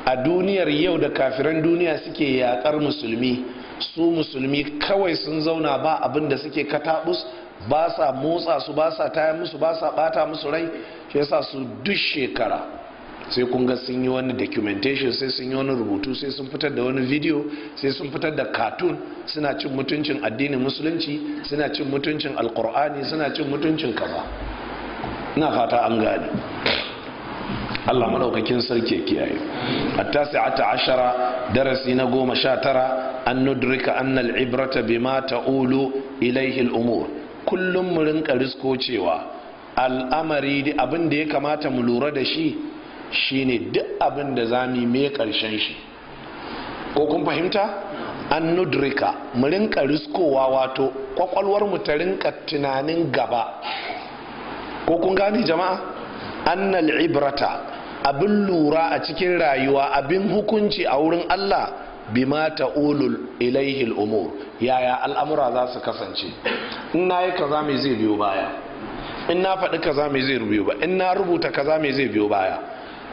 a duniyar yau da kafiran duniya suke yaƙar musulmi su musulmi kawai sun zauna ba abin da suke katabus ba sa motsa su ba sa taya musu ba sa bata musu rai shi yasa su duk shekara sai kun ga sun yi wani documentation sai sun yi wani rubutu sai sun fitar da wani video sai sun fitar da cartoon suna cin mutuncin addinin musulunci suna cin mutuncin alkur'ani suna cin mutuncin kaza na fata an gane Allah malaukakin sarki kiyaye A tasiata ashara darasi na goma sha tara an nudrika anna al'ibrata ibrata bima ta'ulu ilayhi al-umur kullum mu rinka risko cewa al'amari abin da ya kamata mu lura da shi shine duk abin da za mu yi me karshen shi ko kun fahimta an nudrika mu rinka riskowa wato kwakwalwar mu ta rinka tunanin gaba ko kun gane jama'a annal ibrata abin lura a cikin rayuwa abin hukunci a wurin Allah bima ulul ilaihil umur yaya al'amura za su kasance in na yi kaza mai zai biyo baya in na faɗi kaza mai zai biyo baya in na rubuta kaza mai zai biyo baya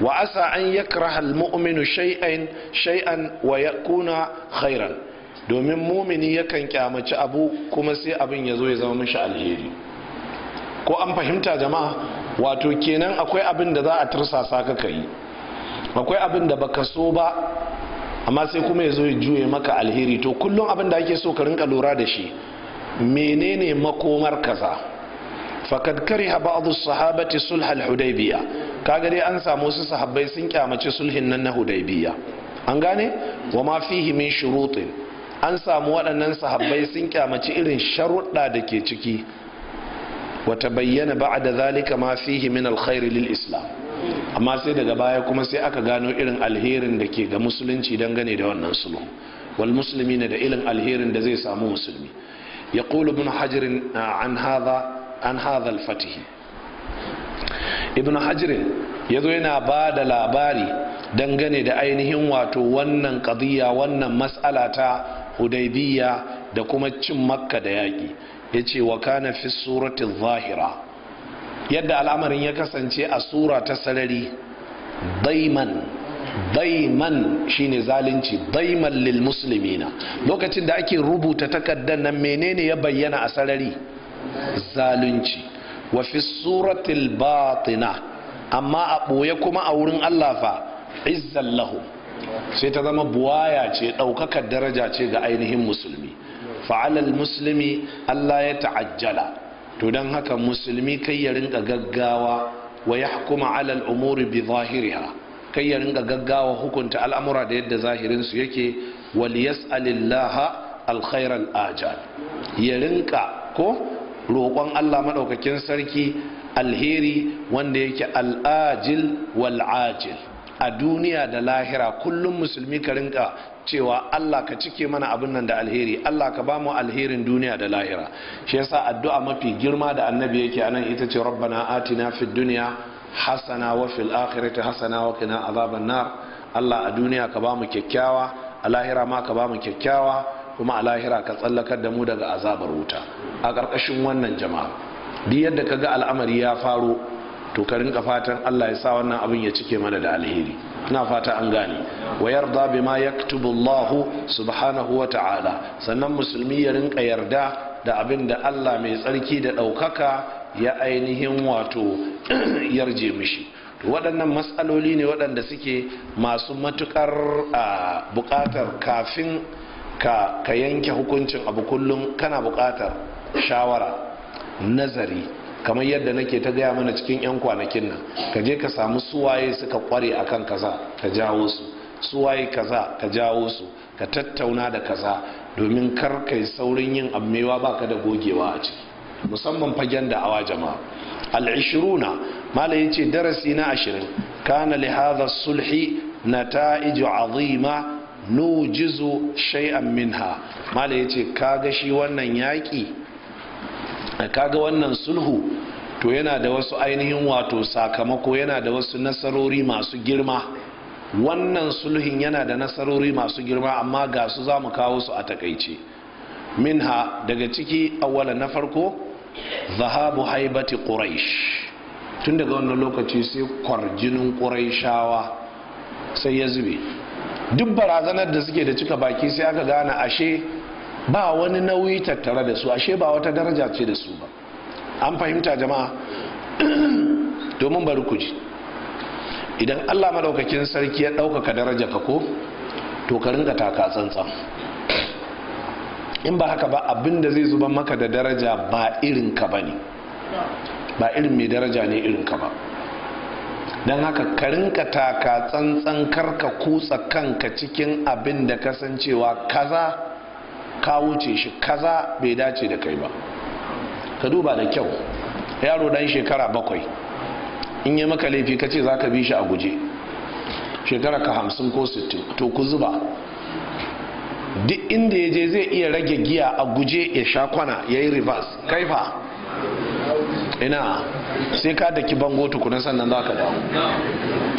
Wa'asa asa an yakraha almu'minu shay'an shay'an wa khairan domin mumini yakan kyamaci abu kuma sai abin ya zo ya zama mishi alheri ko an fahimta jama'a wato kenan akwai abin da za a tursasa ka kai akwai abin da baka so ba amma sai kuma ya zo ya juye maka alheri to kullum abin da ake so ka rinka lura da shi menene makomar kaza fakad kariha a sahabati sulhal Hudaibiya. Ka kaga an samu wasu sahabbai sun kyamace sulhin nan na Hudaibiya. an gane wa ma fihi min shurutin an samu waɗannan sahabbai sun kyamace irin sharuɗa da ke ciki wata bayyana da zalika ma fihi min alkhairi lil islam amma sai daga baya kuma sai aka gano irin alherin da ke ga musulunci dangane da wannan sulhu wal musulmi da irin alherin da zai samu musulmi يقول ابن حجر an haza an hadhal fatihi ibn hajirin ya zo yana ba da labari dangane da ainihin wato wannan ƙadiyya wannan matsala ta hudaybiya da kuma cin makka da yaƙi ya ce wa kana fi surati zahira yadda al'amarin ya kasance a sura ta sarari daiman daiman shine zalunci daiman lil musulmina lokacin da ake rubuta takaddan nan menene ya bayyana a sarari zalunci wa fi suratul batina amma a ɓoye kuma a wurin Allah fa izzan lahu sai ta zama buwaya ce ɗaukakar daraja ce ga ainihin musulmi fa'alal musulmi Allah ya ta'ajjala to don haka musulmi kai ya rinka gaggawa wa ya hukuma alal umuri bi zahiriha kai ya rinka gaggawa hukunta al'amura da yadda zahirinsu yake wal yas'alillaha alkhairan ajal ya rinka ko roƙon Allah maɗaukakin sarki alheri wanda yake al'ajil wal'ajil a duniya da lahira kullum musulmi ka rinka cewa Allah ka cike mana abin nan da alheri Allah ka ba mu alherin duniya da lahira shi yasa addu'a mafi girma da annabi yake anan ita ce rabbana atina fid dunya hasana wa fil akhirati hasana wa qina azaban nar Allah a duniya ka ba mu kyakkyawa a lahira ma ka ba mu kyakkyawa kuma a lahira ka tsallakar da mu daga azabar wuta a ƙarƙashin wannan jama'a duk yadda ka ga al'amari ya faro to ka rinka fatan Allah ya sa wannan abin ya cike mana da alheri ina fata an gane wa yarda bima yaktubu Allah subhanahu wa ta'ala sannan musulmi ya rinka yarda da abin da Allah mai tsarki da ɗaukaka ya ainihin wato yarje mishi waɗannan matsaloli ne waɗanda suke masu matukar buƙatar kafin ka ka yanke hukuncin abu kullum kana buƙatar shawara nazari kamar yadda nake ta gaya mana cikin 'yan kwanakin nan ka je ka samu suwaye suka kware a kan kaza ka jawo su suwaye kaza ka jawo su ka tattauna da kaza domin kar kai saurin yin ammewa ka da gogewa a ciki musamman fagen da awa jama'a al'ishiruna mala ya ce darasi na ashirin kana li sulhi sulhi ta'iju azima nujizu shay'an minha mala ce kaga shi wannan yaki kaga wannan sulhu to yana da wasu ainihin wato sakamako yana da wasu nasarori masu girma wannan sulhin yana da nasarori masu girma amma ga su za mu kawo su a takaice minha daga ciki awwala na farko zahabu haibati quraish tun daga wannan lokaci sai kwarjinin quraishawa sai ya zube duk barazanar da suke da cika baki sai aka gane ashe ba wani nauyi tattare da su ashe ba wata daraja ce da su ba an fahimta jama'a domin bari ku ji idan allah maɗaukakin sarki ya ɗaukaka daraja ka ko to ka rinka taka tsantsan in ba haka ba abin da zai zuba maka da daraja ba irin ka ba ne ba irin mai daraja ne irin ka ba don haka ka rinka taka tsantsan karka kutsa kanka cikin abin da kasancewa kaza ka wuce shi kaza bai dace da kai ba ka duba da kyau yaro dan shekara bakwai in yi maka laifi ka ce za ka bi shi a guje shekara ka hamsin ko sittin to ku zuba duk inda ya je zai iya rage giya a guje ya sha kwana ya yi reverse kaifa ina sai ka daki bango tukuna sannan za ka dawo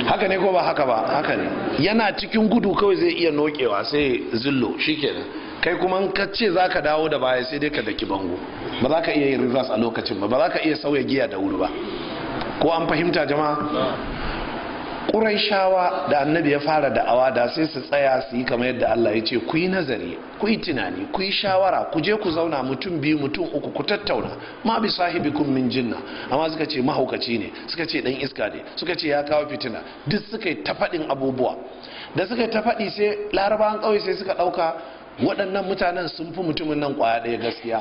haka ne ko ba haka ba haka ne yana cikin gudu kawai zai iya nokewa sai zillo shikenan kai kuma in ka ce za ka dawo da baya sai dai ka daki bango ba za ka iya yin reverse a lokacin ba ba za ka iya sauya giya da wuri ba ko an fahimta jama'a ƙuraishawa da annabi ya fara da'awa da sai su tsaya su yi kamar yadda Allah ya ce ku yi nazari ku yi tunani ku yi shawara ku je ku zauna mutum biyu mutum uku ku tattauna ma bi kun min jinna amma suka ce mahaukaci ne suka ce dan iska ne suka ce ya kawo fitina duk suka yi ta faɗin abubuwa da suka yi ta faɗi sai larabawan ƙauye sai suka ɗauka waɗannan mutanen sun fi mutumin nan ƙwaya ɗaya gaskiya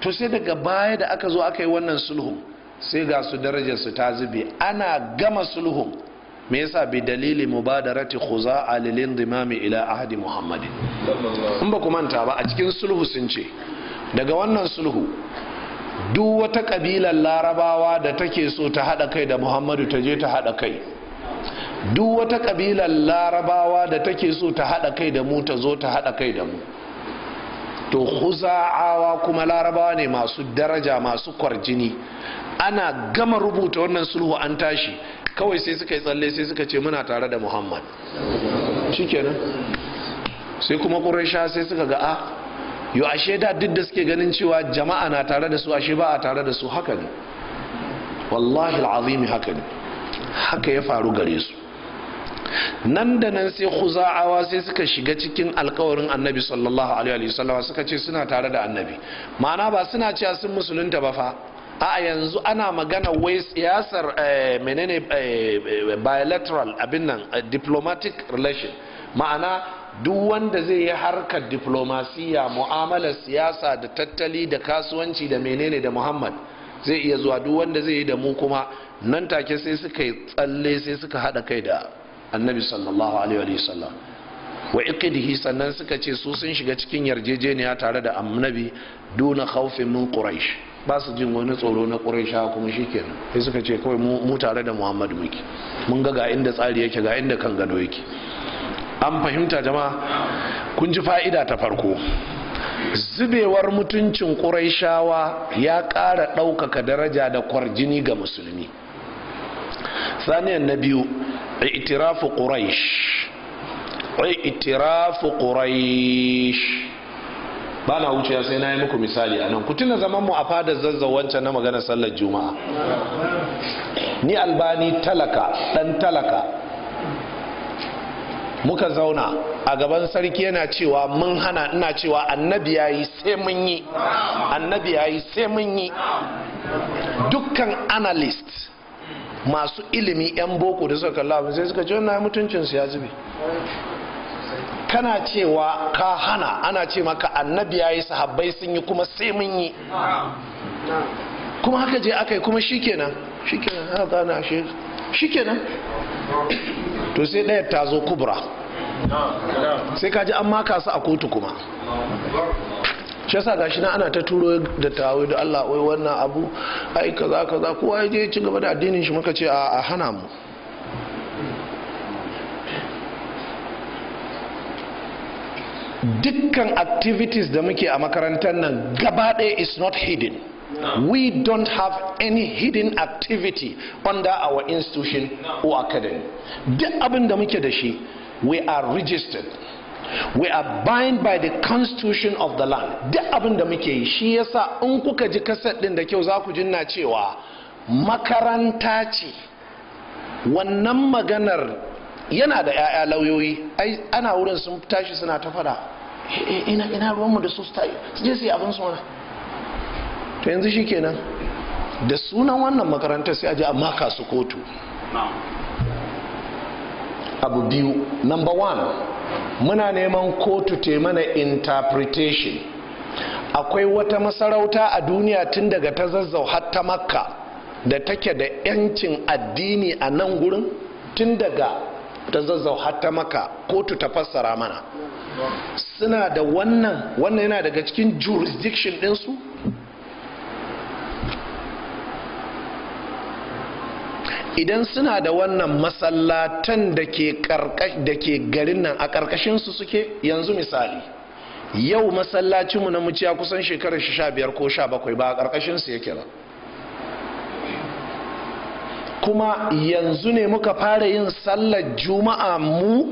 to sai daga baya da aka zo aka yi wannan sulhu sai ga su darajarsu ta zube ana gama sulhun me yasa bi dalili mubadarati khuza alil indimami ila ahdi muhammadin in ba ku manta ba a cikin sulhu sun ce daga wannan sulhu duk wata kabilar larabawa da take so ta hada kai da muhammadu ta je ta hada kai duk wata kabilar larabawa da take so ta hada kai da mu ta zo ta hada kai da mu to khuza'awa kuma larabawa ne masu daraja masu kwarjini ana gama rubuta wannan sulhu an tashi kawai sai suka yi tsalle sai suka ce muna tare da muhammad kenan sai kuma ƙuraisha sai suka ga a ah, yau ashe da duk da suke ganin cewa jama'a na tare da su ashe ba a tare da su haka ne wallahi al'azimi haka ne haka ya faru gare su nan da nan sai khuza'awa sai suka shiga cikin alkawarin annabi sallallahu alaihi wasallam suka ce suna tare da annabi ma'ana ba suna cewa sun musulunta ba fa a yanzu ana magana wai siyasar eh, menene eh, eh, bilateral abin nan diplomatic relation ma'ana duk wanda zai yi harkar diplomasiya mu'amalar siyasa da tattali da kasuwanci da menene da muhammad zai iya zuwa duk wanda zai yi da mu kuma nan take sai suka yi tsalle sai suka haɗa kai da annabi sallallahu alaihi wa sallam wa iqdihi sannan suka ce su sun shiga cikin yarjejeniya tare da annabi duna khawfin min quraish ba su jin wani tsoro na ƙuraisha kuma shi kenan sai suka ce kawai mu tare da muhammadu muke mun ga ga inda tsari yake ga inda kan gado yake an fahimta jama'a kun ji fa'ida ta farko zubewar mutuncin ƙuraishawa ya ƙara ɗaukaka daraja da kwarjini ga musulmi saniyan na biyu itirafu ƙuraish itirafu ƙuraish ba na wuciya sai na yi muku misali a nan ku tuna zaman mu a fadar zazzau na maganar sallar juma'a ni albani talaka dan talaka muka zauna a gaban sarki yana cewa mun hana ina cewa annabi ya yi sai mun yi annabi ya yi sai mun yi dukkan analyst masu ilimi 'yan boko da suka kalla sai suka ce wannan mutuncinsu ya zube kana cewa ka hana ana ce maka annabi ya yi sahabbai sun yi kuma sai mun yi kuma haka je aka yi kuma shikenan shikenan shi shikenan to sai ɗaya ta zo kubra sai kaji an maka su a kotu kuma shi sa gashi na ana ta turo da tawo da Allah wai wannan abu ai kaza kaza kowa ya je ci gaba da addinin shi muka ce a hana mu dukkan activities da muke a makarantar nan gaba ɗaya is not hidden we don't have any hidden activity under our institution or academy duk abin da muke da shi we are registered we are bind by the constitution of the land duk abin da muke yi shi yasa in kuka ji kasar ɗin da kyau za ku jinna cewa makaranta ce wannan maganar yana da 'ya'ya lauyoyi ana wurin sun tashi suna ta fada eh, ina ina ruwanmu da su su je su yi abin suna to yanzu shi kenan da sunan wannan makarantar sai aji amma kasu su kotu abu biyu number one muna neman kotu te mana interpretation akwai wata masarauta a duniya tun daga ta zazzau har ta makka da take da 'yancin addini a nan gurin tun daga ta zazzau hatta maka kotu ta fassara mana suna da wannan wannan yana daga cikin jurisdiction ɗinsu idan suna da wannan masallatan da ke garin nan a ƙarƙashinsu suke yanzu misali yau masallacinmu na muciya kusan shekarar 15 ko 17 ba a ƙarƙashinsu yake ba kuma yanzu ne muka fara yin sallar juma'a mu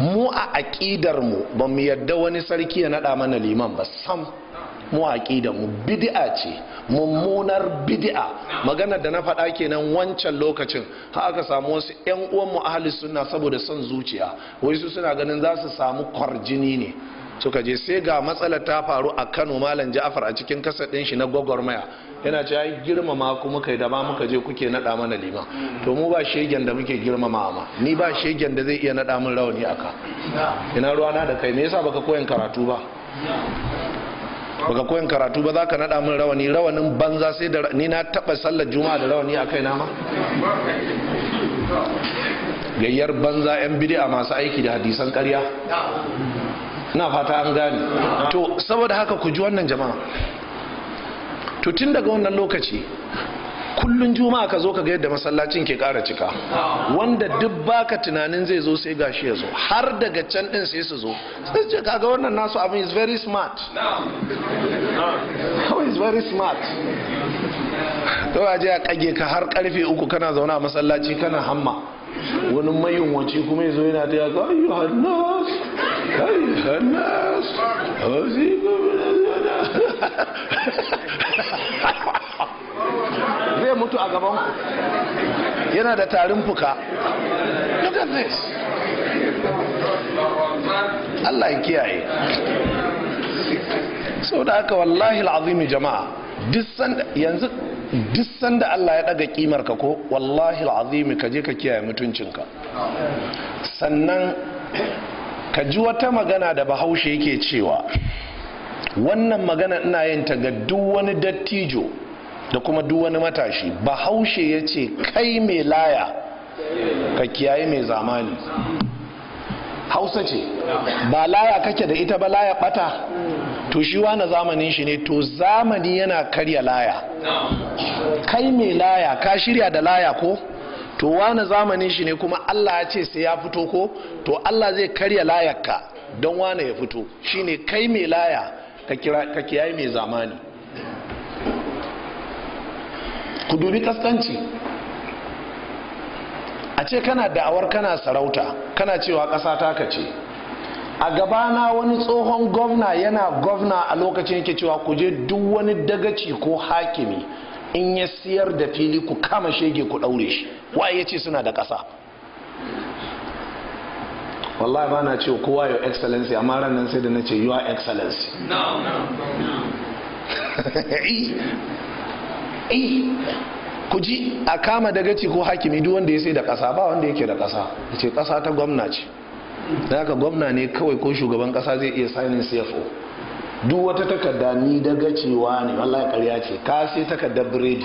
mu a aƙidar mu ba mu yadda wani sarki ya naɗa mana liman ba sam mu a aƙidar mu bidi'a ce mummunar bidi'a. magana da na faɗa kenan wancan lokacin haka samu wasu yan uwan mu ahli sunna saboda son zuciya wai su suna ganin za su samu kwarjini ne suka je sai ga matsala ta faru a Kano Malam Ja'far a cikin kasa ɗin shi na gwagwarmaya yana ce ai girmama ku muka da ma muka je kuke nada mana liman to mu ba shegen da muke girmama ma ni ba shegen da zai iya nada min rawani aka ina ruwana da kai me yasa baka koyan karatu ba baka koyan karatu ba za ka nada min rawani rawanin banza sai da ni na taba sallar juma'a da rawani a kaina ma gayyar banza yan bid'a masu aiki da hadisan ƙarya na fata an gane to saboda haka ku ji wannan jama'a to tun daga wannan lokaci kullum juma'a ka zo ka ga yadda masallacin ke ƙara cika wanda duk baka tunanin zai zo sai gashi ya zo har daga can din sai su zo sai ce kaga wannan nasu abin is very smart how is very smart to a je a kage ka har karfe uku kana zauna a masallaci kana hamma wani mayunwaci kuma yazo yana da yaga ayyuhan nas zai mutu a gaban yana da tarin fuka look at this Allah ya kiyaye so da haka wallahi al'azimi jama'a yanzu duk sanda Allah ya daga kimar ka ko wallahi al'azimi ka je ka kiyaye mutuncinka sannan ka ji wata magana da bahaushe yake cewa wannan magana ina yin ta ga duk wani dattijo da kuma duk wani matashi bahaushe ya ce kai mai laya ka kiyaye mai zamani hausa ce ba laya kake da ita ba laya bata to shi wani zamanin shi ne to zamani yana karya laya kai mai laya ka shirya da laya ko to wani zamanin shi ne kuma allah ya ce sai ya fito ko to allah zai karya layakka don wani ya fito Shi ne kai mai laya ka kiyaye mai zamani ku dubi kaskanci a ce kana da'awar kana sarauta kana cewa ƙasa ta ce a gabana wani tsohon gwamna yana gwamna a lokacin yake cewa ku je duk wani dagaci ko hakimi in ya siyar da fili ku kama shege ku ɗaure shi waye ya ce suna da ƙasa wallahi ba na ce kowa your excellency amma ranar sai da na ce your excellency no, eh? ai eh. ku ji a kama dagaci ko hakimi duk wanda ya sai da ƙasa ba wanda yake da ƙasa ce ƙasa ta gwamna ce da haka gwamna ne kawai ko shugaban ƙasa zai iya sanin cfo duk wata takarda ni gacewa ne wallahi ƙarya ce ka sai takardar biredi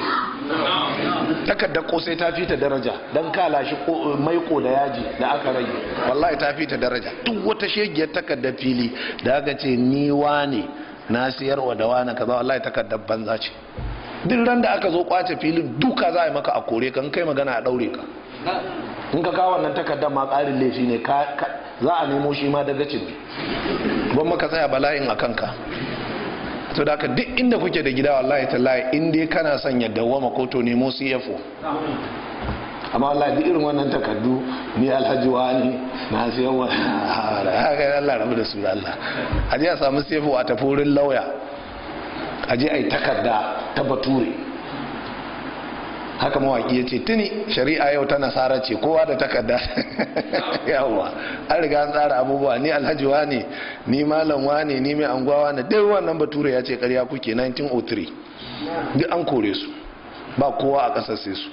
takardar kosai ta fi daraja dan ka lashi maiko da yaji da aka rage wallahi ta fi daraja duk wata shegiyar takardar fili da aka ce ni wane na siyarwa da wane kaza wallahi takardar banza ce duk ran da aka zo kwace filin duka za a yi maka a kore kan kai magana a daure ka in ka kawo wannan takardar ma ƙarin laifi ne za a nemo shi ma daga cin gwamma ka tsaya bala'in a kanka to da ka duk inda kuke da gida wallahi tallahi in dai kana son ya dawwama ko to nemo CFO amma wallahi duk irin wannan takardu ni alhaji wani na siyan wani haka Allah rabu da su da Allah a a samu CFO a tafurin lauya a je a yi takarda ta bature haka mawaƙi ya ce tuni shari'a yau ta nasara ce kowa da takarda yawa an riga an tsara abubuwa ni alhaji ne ni malam ne ni mai anguwa ne dai wannan bature ya ce karya kuke 1903 duk an kore su ba kowa a ƙasar sai su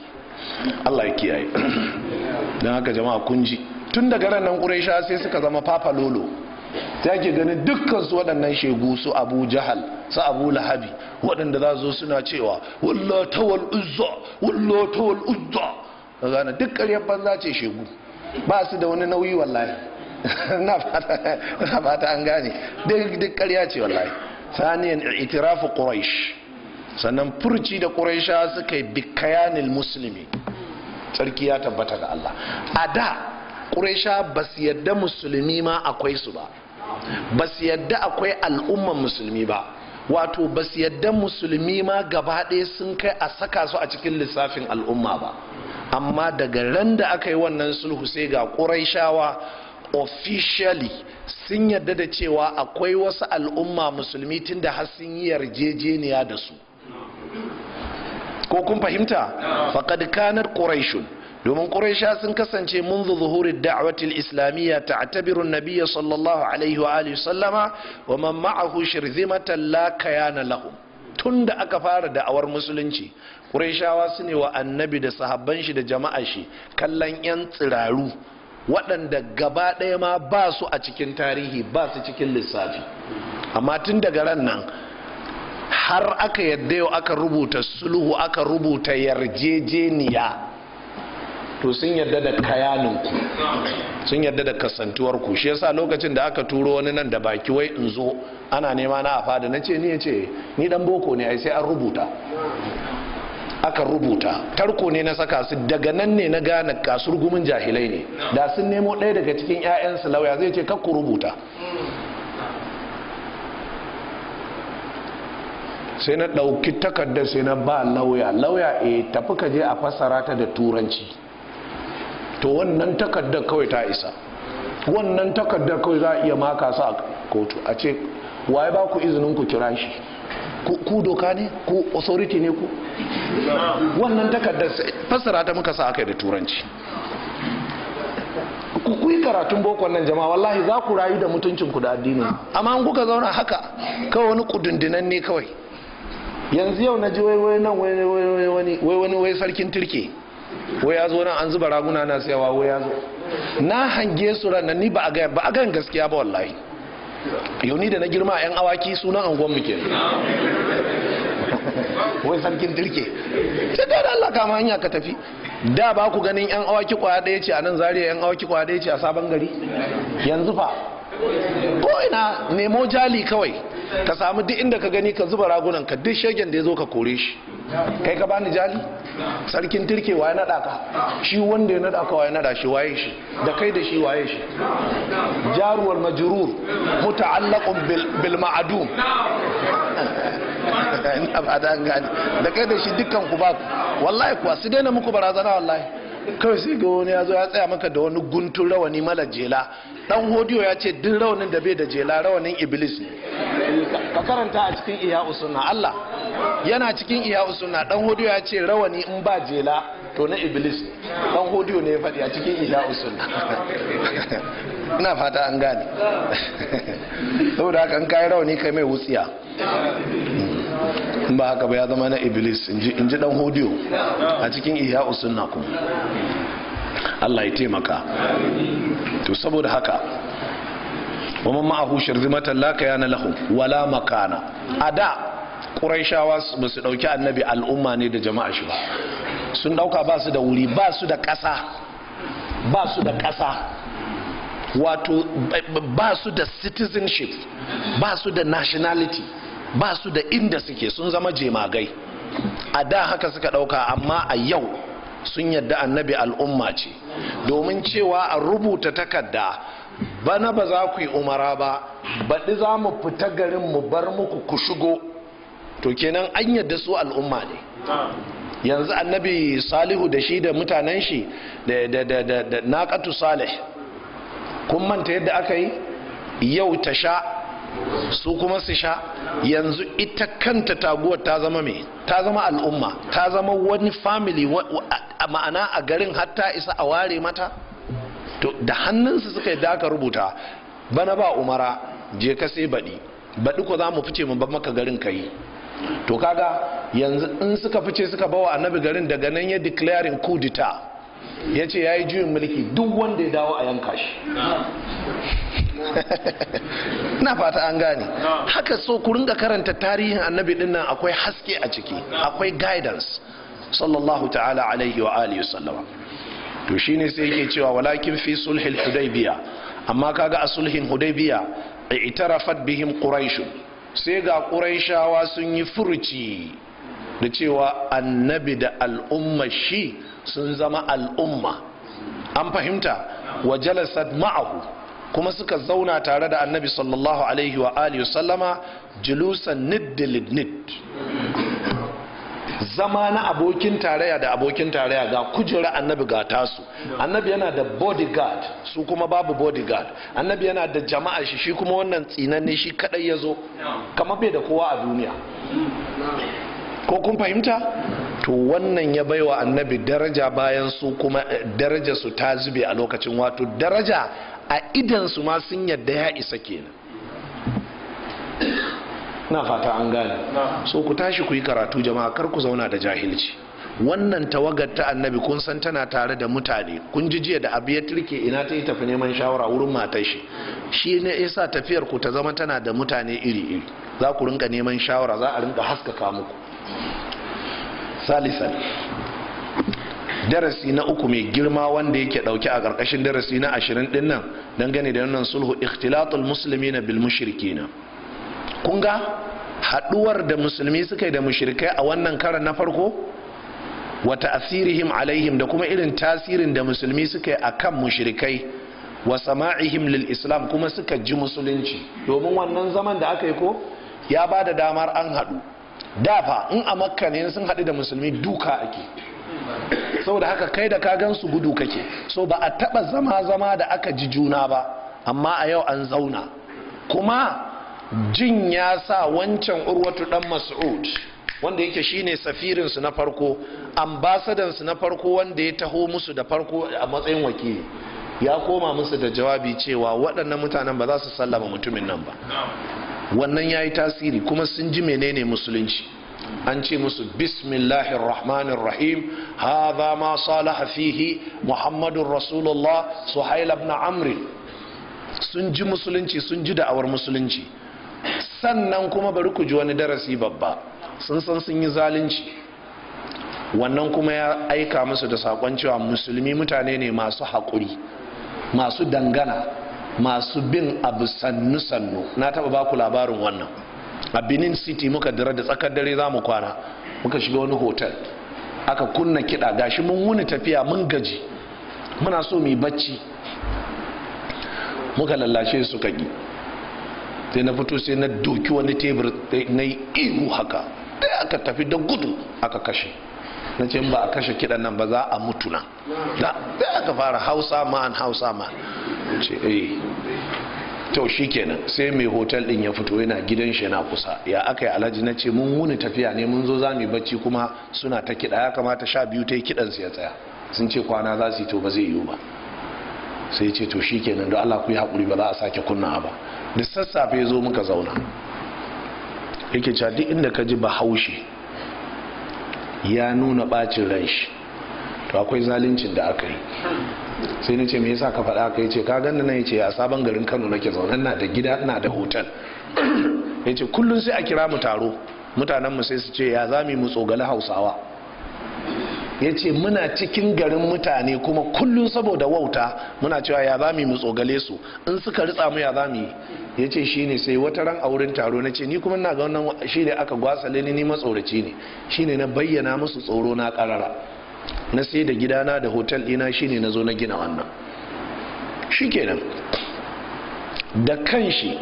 allah ya kiyaye don haka jama'a kun ji tun daga nan ƙurai sai suka zama papa lolo ta ke ganin dukkan su waɗannan shegu su abu jahal su abu lahabi waɗanda za zo suna cewa wallah uzza wallah uzza ka gane duk ƙaryar banza ce shegu ba su da wani nauyi wallahi na fata an gane duk ƙarya ce wallahi saniyan itirafu quraish sannan furci da quraisha suka yi bikayanil musulmi sarki ya tabbata ga Allah a da quraisha ba su yadda musulmi ma akwai su ba ba su yadda akwai al'umman musulmi ba wato ba su yadda musulmi ma gaba ɗaya sun kai a saka su a cikin lissafin al'umma ba amma daga ran da aka yi wannan sulhu sai ga ƙuraishawa officially sun yadda da cewa akwai wasu al'umma musulmi tun da har sun yi yarjejeniya da su ko kun fahimta faƙad kanar ƙuraishun domin quraisha sun kasance منذ ظهور الدعوة الإسلامية تعتبر النبي صلى الله عليه وآله وسلم ومن معه شرذمة لا كيان لهم tun da aka fara da'awar musulunci ƙurashawa su ne wa annabi da sahabban shi da jama'a shi kallon 'yan tsiraru waɗanda gaba ɗaya ma ba su a cikin tarihi ba su cikin lissafi amma tun daga ran nan har aka yadda yau aka rubuta sulhu aka rubuta yarjejeniya to sun yarda da kayaninku sun yarda da kasantuwarku shi yasa lokacin da aka turo wani nan da baki wai in zo ana nema na a fada na ce ni ya ce ni dan boko ne ai sai an rubuta aka rubuta tarko ne na saka su daga nan ne na gane kasur gumin jahilai ne da sun nemo ɗaya daga cikin 'ya'yansu lauya zai ce kakku rubuta sai na ɗauki takardar sai na ba lauya lauya e tafi ka je a fassara ta da turanci to wannan takardar kawai ta isa wannan takardar kawai za a iya maka sa a kotu a ce waye ba ku izinin ku kira shi ku doka ne ku authority ne ku wannan takardar fassara ta muka sa kai da turanci ku kuyi karatun boko nan jama'a wallahi za ku rayu da mutuncin ku da addini amma an kuka zauna haka kawai wani kudundunan ne kawai yanzu yau na ji wai wai wai wani wai sarkin turke wai ya zo nan an zuba raguna na sayawa wai ya zo na hange su ran ni ba a ga ba a gaskiya ba wallahi yau ni da na girma yan awaki sunan angon mu ke wai sarkin dirke sai da Allah ma hanya ka tafi da ba ku ganin yan awaki kwaya daya ce a nan zariya yan awaki kwaya daya ce a sabon gari yanzu fa ko ina nemo jali kawai ka samu duk inda ka gani ka zuba ragunan ka duk shegen da ya zo ka kore shi kai ka bani jali sarkin turkewa ya naɗa ka shi wanda ya naɗa ka waye naɗa shi waye shi da kai da shi waye shi jaruwar majurur muta'allaqun bil ma'adum da kai da shi dukkan ku ba wallahi kuwa su daina muku barazana wallahi kawai sai ga wani ya zo ya tsaya maka da wani guntun rawani malajela dan hodiyo ya ce duk raunin da bai da jela rawanin iblis ne ka karanta a cikin iya usunna Allah yana cikin iya usunna dan hodiyo ya ce rawani in ba jela to na iblis dan hodiyo ne ya faɗi a cikin iya usunna ina fata an gane saboda haka an kai rawani kai mai wutsiya In ba haka ba ya zama na iblis in ji dan hodiyo a cikin iya usunna kuma Allah ya taimaka to saboda haka wa man ma'ahu shirzimatan la kayana lahu wala makana ada quraishawa ba su dauki annabi al'umma ne da jama'a shi ba sun dauka ba su da wuri ba su da ƙasa ba su da ƙasa wato ba su da citizenship ba su da nationality ba su da inda suke sun zama jemagai a da haka suka dauka amma a yau sun yadda annabi al'umma ce domin cewa a rubuta takarda bana ba za ku yi umara ba baɗi za mu fita garin mu bar muku ku shigo to kenan an yadda su al'umma ne yanzu annabi salihu da shi da mutanen shi da naƙatu salih kun manta yadda aka yi yau ta sha su kuma su sha yanzu ita kanta taguwar ta zama mai ta zama al'umma ta zama wani family a ma'ana a garin hatta isa a ware mata to da hannunsu suka yi daka rubuta bana ba umara je ka sai baɗi baɗi ko za mu fice mu ba maka garin kai to kaga yanzu in suka fice suka bawa annabi garin daga nan ya declaring coup d'etat ya ce ya yi juyin mulki duk wanda ya dawo a yanka shi na fata an gane haka so ku ringa karanta tarihin annabi dinnan akwai haske a ciki akwai guidance sallallahu ta'ala alaihi wa alihi sallama to shine sai yake cewa walakin fi sulhil hudaybiya amma kaga a sulhin hudaybiya i'tarafat bihim quraish sai ga quraishawa sun yi furuci da cewa annabi da al'umma shi sun zama al'umma an fahimta wa jalasat ma'ahu kuma suka zauna tare da annabi sallallahu alaihi wa alihi sallama julusan nidd nidd zama na abokin tarayya da abokin tarayya ga kujera annabi ga tasu annabi yana da bodyguard su kuma babu bodyguard annabi yana da jama'a shi shi kuma wannan tsinanne shi kadai ya zo kamar bai da kowa a duniya ko kun fahimta to wannan ya baiwa annabi daraja bayan su kuma eh, daraja su ta zube a lokacin wato daraja a idan su ma sun yadda ya isa kenan na fata an gane so ku tashi ku yi karatu jama'a kar ku zauna da jahilci wannan tawagar ta annabi kun san tana tare da mutane kun ji jiya da abu ya turke ina ta yi tafi neman shawara wurin matar shi shi ne isa tafiyar ku ta zama tana da mutane iri iri za ku rinka neman shawara za a rinka haskaka muku salisan darasi na uku mai girma wanda yake dauke a karkashin darasi na ashirin din nan dangane da wannan sulhu ikhtilatul muslimina bil mushrikina Kunga haduwar da musulmi suka yi da mushrikai a wannan karan na farko wa ta'sirihim alaihim da kuma irin tasirin da musulmi suka yi akan mushrikai wa sama'ihim lil islam kuma suka ji musulunci domin wannan zaman da aka yi ko ya ba da damar an haɗu dafa in a makka ne sun hadu da musulmi duka ake saboda haka kai da ka gansu gudu kake so ba a taɓa zama zama da aka ji juna ba amma a yau an zauna kuma jin ya sa wancan urwatu dan mas'ud wanda yake shine safirin su na farko ambasadan su na farko wanda ya taho musu da farko a matsayin wakili ya koma musu da jawabi cewa waɗannan mutanen ba za su sallama mutumin nan ba wannan ya yi tasiri kuma sun ji menene musulunci an ce musu bismillahir rahmanir rahim hadha ma salaha fihi muhammadun rasulullah suhail ibn amr sun ji musulunci sun ji da'awar musulunci sannan kuma bari ku ji wani darasi babba sun san sun yi zalunci wannan kuma ya aika musu da sakon cewa musulmi mutane ne masu haƙuri masu dangana masu bin abu sannu sannu na taɓa ba ku labarin wannan a benin city muka dira da tsakar dare za mu kwana muka shiga wani hotel aka kunna kiɗa gashi mun wuni tafiya mun gaji muna so mu yi bacci muka lallashe su kaki sai na fito sai na doki wani tebur na yi ihu haka sai aka tafi da gudu aka kashe na ce ba a kashe kiɗan nan ba za a mutu na sai aka fara hausa ma an hausa ma ce eh to shi kenan sai mai hotel din ya fito yana gidan shi yana kusa ya aka yi alhaji na ce mun wuni tafiya ne mun zo za mu yi bacci kuma suna ta kiɗa ya kamata sha biyu ta yi kiɗan su ya tsaya sun ce kwana za su yi to ba zai yiwu ba sai ce to shi kenan don allah ku yi haƙuri ba za a sake kunna ba da sassafe zo muka zauna yake cewa duk inda ka ji bahaushe ya nuna bacin ran shi to akwai zaluncin da aka yi sai na ce me yasa ka faɗa aka ce ka ganna nan yace a sabon garin Kano nake zaune na da gida na da hotel yace kullun sai a kira mu taro mutanen mu sai su ce ya zami mu tsogale Hausawa ya ce muna cikin garin mutane kuma kullum saboda wauta muna cewa ya za mu tsogale su in suka ritsa mu ya za mu ya ce shi ne sai wata ran a wurin taro na ce ni kuma na ga wannan shi ne aka gwasale ni ni matsoraci ne shi ne na bayyana musu tsoro na karara na sai da gidana da hotel ɗina shi ne na zo na gina wannan shi kenan da kanshi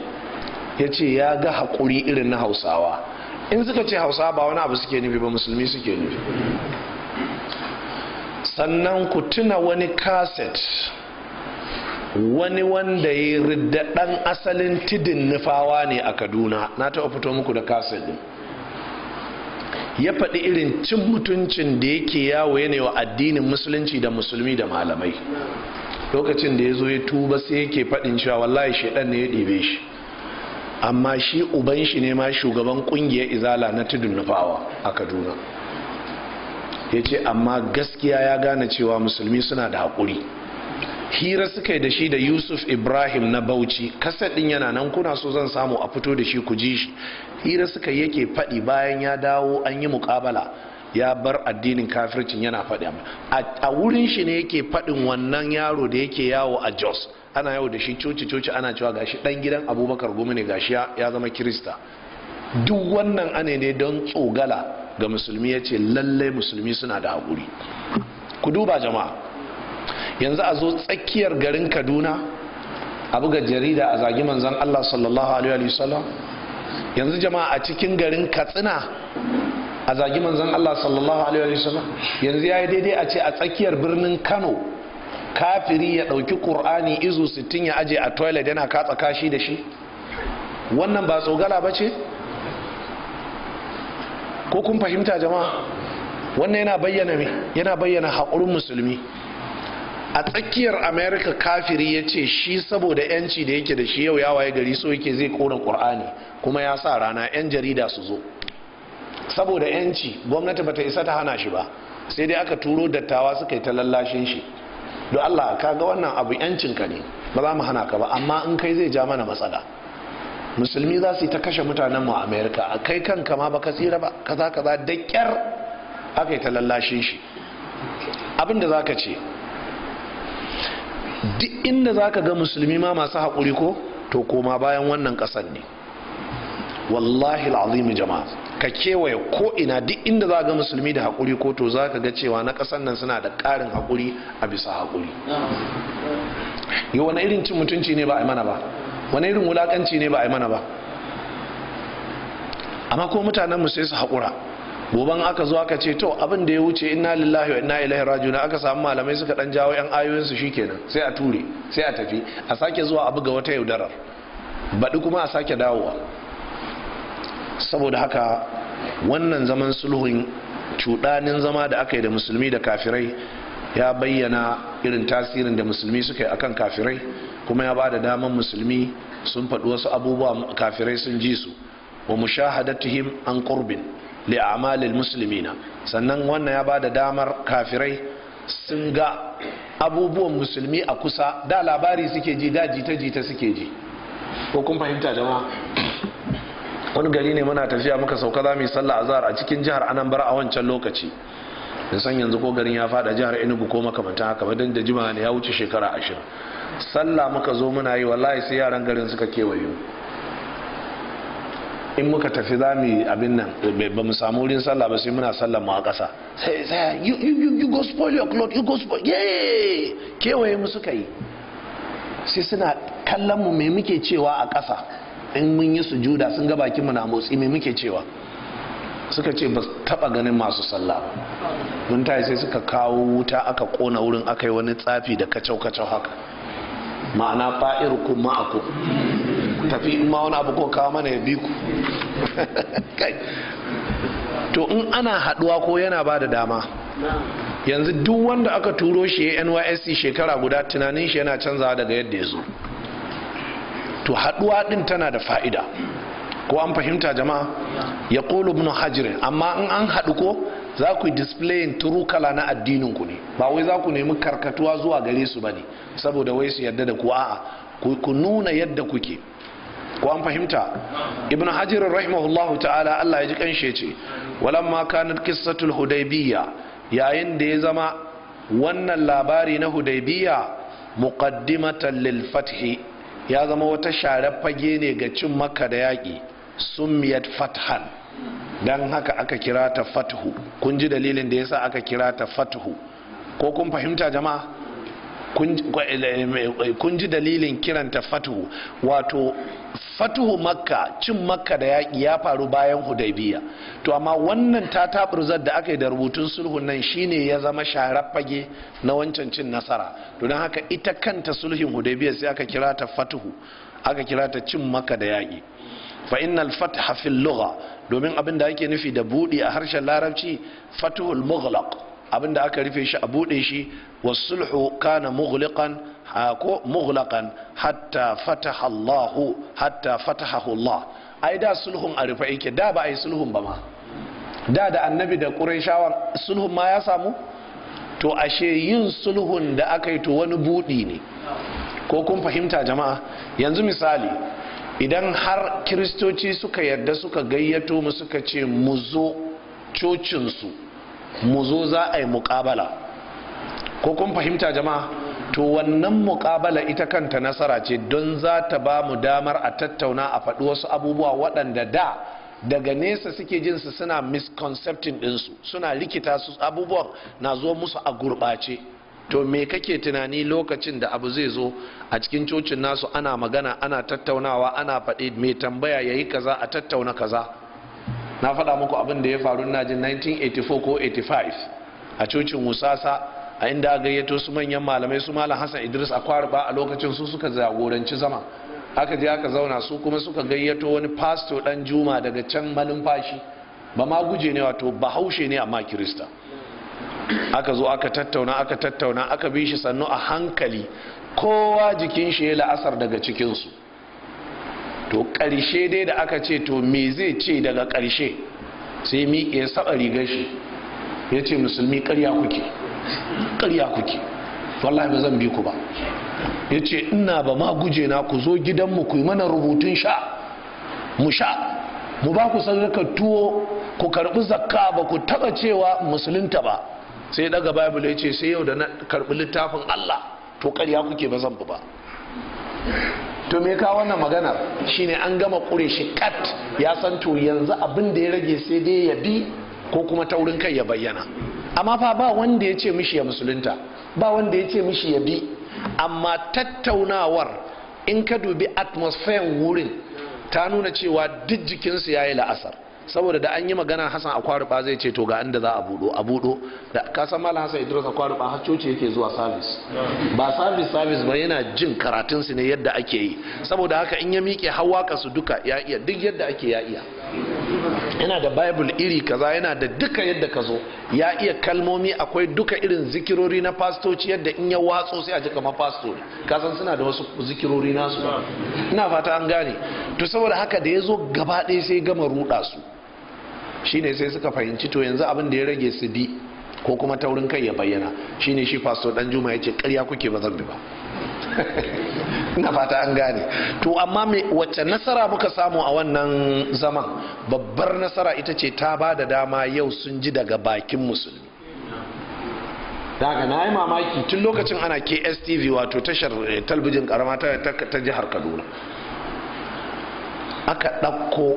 ya ce ya ga haƙuri irin na hausawa in suka ce hausawa ba wani abu suke nufi ba musulmi suke nufi sannan ku tuna wani kaset wani wanda ya ridda dan asalin tidin nufawa ne a kaduna na taɓa fito muku da kaset din ya faɗi irin cin mutuncin da yake yawo yanayi addinin musulunci da musulmi da malamai lokacin da ya zo ya tuba sai yake faɗin cewa wallahi shaidan ne ya ɗibe shi amma shi uban shi ne ma shugaban ƙungiyar izala na tudun nufawa a kaduna ya ce amma gaskiya ya gane cewa musulmi suna da haƙuri hira suka yi da shi da yusuf ibrahim na bauchi kasadin yana nan kuna so zan samu a fito da shi ku ji shi hira suka yake faɗi bayan ya dawo an yi muƙabala ya bar addinin kafircin yana faɗi a wurin shi ne yake faɗin wannan yaro da yake yawo a jos ana yau da shi coci coci ana cewa gashi ɗan gidan abubakar gumi ne gashi ya zama kirista duk wannan ane ne don tsogala ga musulmi ya ce lallai musulmi suna da haƙuri ku duba jama'a yanzu a zo tsakiyar garin kaduna a buga jarida a zagi manzan allah sallallahu alaihi wasallam yanzu jama'a a cikin garin katsina a zagi manzan allah sallallahu alaihi wasallam yanzu ya yi daidai a ce a tsakiyar birnin kano kafiri ya ɗauki ƙur'ani izu sittin ya aje a toilet yana katsa kashi da shi wannan ba tsogala ba ce ko kun fahimta jama'a wannan yana bayyana me yana bayyana haƙurin musulmi a tsakiyar america kafiri ya ce shi saboda yanci da yake da shi yau ya waye gari so yake zai kona ƙur'ani kuma ya sa rana 'yan jarida su zo saboda yanci gwamnati bata isa ta hana shi ba sai dai aka turo dattawa suka yi ta lallashin shi don allah ka ga wannan abu yancinka ne ba za mu hana ka ba amma in kai zai ja mana matsala musulmi za su yi ta kashe mutanen mu a amerika a kai kan kama ba ka tsira ba kaza kaza da kyar aka yi ta lallashin shi abinda za ka ce duk inda za ka ga musulmi ma masu haƙuri ko to koma bayan wannan ƙasar ne wallahi al'azim jama'a ka kewaye ko ina duk inda za ga musulmi da haƙuri ko to za ka ga cewa na ƙasar nan suna da ƙarin haƙuri a bisa haƙuri yi wani irin cin mutunci ne ba a mana ba wani irin wulakanci ne ba a yi mana ba amma ko mutanen mu sai su haƙura goban aka zo aka ce to abin da ya wuce inna lillahi wa inna ilaihi rajiun aka samu malamai suka dan jawo yan ayoyin su kenan sai a ture sai a tafi a sake zuwa a buga wata yaudarar baɗi kuma a sake dawowa saboda haka wannan zaman sulhun cuɗanin zama da aka yi da musulmi da kafirai ya bayyana irin tasirin da musulmi suka yi akan kafirai kuma ya bada da daman musulmi sun faɗi wasu abubuwa kafirai sun ji su wa mushahadatihim an qurbin li a'malil muslimina sannan wannan ya bada damar kafirai sun ga abubuwan musulmi a kusa da labari suke ji da jita jita suke ji ko kun fahimta jama'a wani gari ne muna tafiya muka sauka za mu yi sallah azhar a cikin jihar anambra a wancan lokaci da san yanzu ko garin ya fada jihar enugu ko makamantan haka ba dan da jima ne ya wuce shekara ashirin sallah muka zo muna yi wallahi sai yaran garin suka kewaye in muka tafi za mu abin nan ba mu samu wurin sallah ba sai muna sallah mu a ƙasa sai sai you, you, go spoil your cloth you go spoil yay kewaye mu suka yi sai suna kallon mu me muke cewa a ƙasa in mun yi sujuda sun ga bakin mu na motsi me muke cewa suka ce ba taba ganin masu sallah mun tayi sai suka kawo wuta aka kona wurin aka yi wani tsafi da kacau kacau haka ma'ana fa'ir ku ma'akum tafi in ma wani abu ko kawo mana ya bi ku to in ana haɗuwa ko yana ba da dama yanzu duk wanda aka turo shi ya nysc shekara guda tunanin shi yana canzawa daga yadda ya zo to haduwa din tana da fa'ida ko an fahimta jama'a ya kolo ibn hajirin amma in an haɗu ko za ku yi displayin turukala na addinin ku ne ba wai za ku nemi karkatuwa zuwa gare su ba ne saboda wai su yadda da ku a'a ku nuna yadda kuke ko an fahimta ibn hajar rahimahullahu ta'ala Allah ya ji kanshe ce walamma kanat qissatul Hudaybiya yayin da ya zama wannan labari na hudaibiyya muqaddimatan lil fathi ya zama wata share fage ne ga cin makka da yaƙi Summiyar fathan dan haka aka kira ta fathu kun ji dalilin da yasa aka kira ta fathu ko kun fahimta jama'a kun ji eh, eh, eh, dalilin kiranta fatuhu wato fatuhu makka cin makka da yaƙi ya faru bayan hudaybiya to amma wannan ta taɓurzar da aka yi da rubutun sulhun nan shine ya zama sharar fage na wancan cin nasara don haka ita kanta sulhin hudaybiya sai aka kira ta fatuhu aka kira ta cin makka da yaƙi fa innal fatha fil lugha domin abin da ake nufi da buɗe a harshen larabci fatuhul mughlaq abin da aka rufe shi a buɗe shi wasulhu kana mughliqan ko mughlaqan hatta fataha Allah hatta fatahahu Allah ai da sulhun a rufe yake da ba ai sulhun ba ma da da annabi da quraishawa sulhun ma ya samu to ashe yin sulhun da aka yi to wani buɗi ne ko kun fahimta jama'a yanzu misali idan har kiristoci suka yarda suka gayyato mu suka ce mu zo cocinsu mu zo za a yi muƙabala ko kun fahimta jama'a to wannan muƙabala ita kanta nasara ce don za ta ba mu damar a tattauna a faɗi wasu abubuwa waɗanda da daga nesa suke jinsu suna misconcepting ɗinsu suna likita su abubuwan na zo musu a gurɓace to me kake tunani lokacin da abu zai zo a cikin cocin nasu ana magana ana tattaunawa ana faɗi mai tambaya ya yi kaza a tattauna kaza na faɗa muku abin da ya faru na jin 1984 ko 85 a cocin musasa a inda a gayyato su manyan malamai su malam hassan idris a ba a lokacin su suka jagoranci zama aka je aka zauna su kuma suka gayyato wani pasto dan juma daga can malumfashi ba ma guje ne wato bahaushe ne amma kirista aka zo aka tattauna aka tattauna aka bi shi sannu a hankali kowa jikin shi ya la'asar daga cikinsu to ƙarshe dai da aka ce to me zai ce daga ƙarshe sai miƙe ya saba rigar shi ya ce musulmi ƙarya kuke ƙarya kuke wallahi ba zan bi ku ba ya ce ina ba ma guje na ku zo gidanmu ku yi mana rubutun sha mu sha mu ba ku sadakar tuwo ku karɓi zakka ba ku taɓa cewa musulunta ba sai daga bible ya ce sai yau da na karbi littafin Allah to karya kuke ba zan ba to me ka wannan maganar shine an gama kure shi kat ya san to yanzu abin da ya rage sai dai ya bi ko kuma taurin kai ya bayyana amma fa ba wanda ya ce mishi ya musulunta ba wanda ya ce mishi ya bi amma tattaunawar in ka dubi atmosphere wurin ta nuna cewa duk jikinsu ya yi la'asar saboda da an yi magana Hassan Akwaruba zai ce to ga inda za a budo a budo da ka san Malam Hassan Idris Akwaruba har coci yake zuwa service ba service service ba yana jin karatun su ne yadda ake yi saboda haka in ya miƙe ka su duka ya iya duk yadda ake ya iya yana da bible iri kaza yana da duka yadda ka zo ya iya kalmomi akwai duka irin zikirori na pastoci yadda in ya watso sai a ji kamar pastor ka suna da wasu zikirori nasu ina fata an gane to saboda haka da ya zo gaba ɗaya sai gama ruɗa su shine sai suka fahimci to yanzu abin da ya rage su bi ko kuma taurin kai ya bayyana shine shi fasto dan juma ya ce karya kuke ba zan bi ba na fata an gane to amma wacce nasara muka samu a wannan zaman babbar nasara ita ce ta ba da dama yau sun ji daga bakin musulmi daga na yi mamaki tun lokacin ana kstv wato tashar eh, talbijin karama ta jihar kaduna aka ɗauko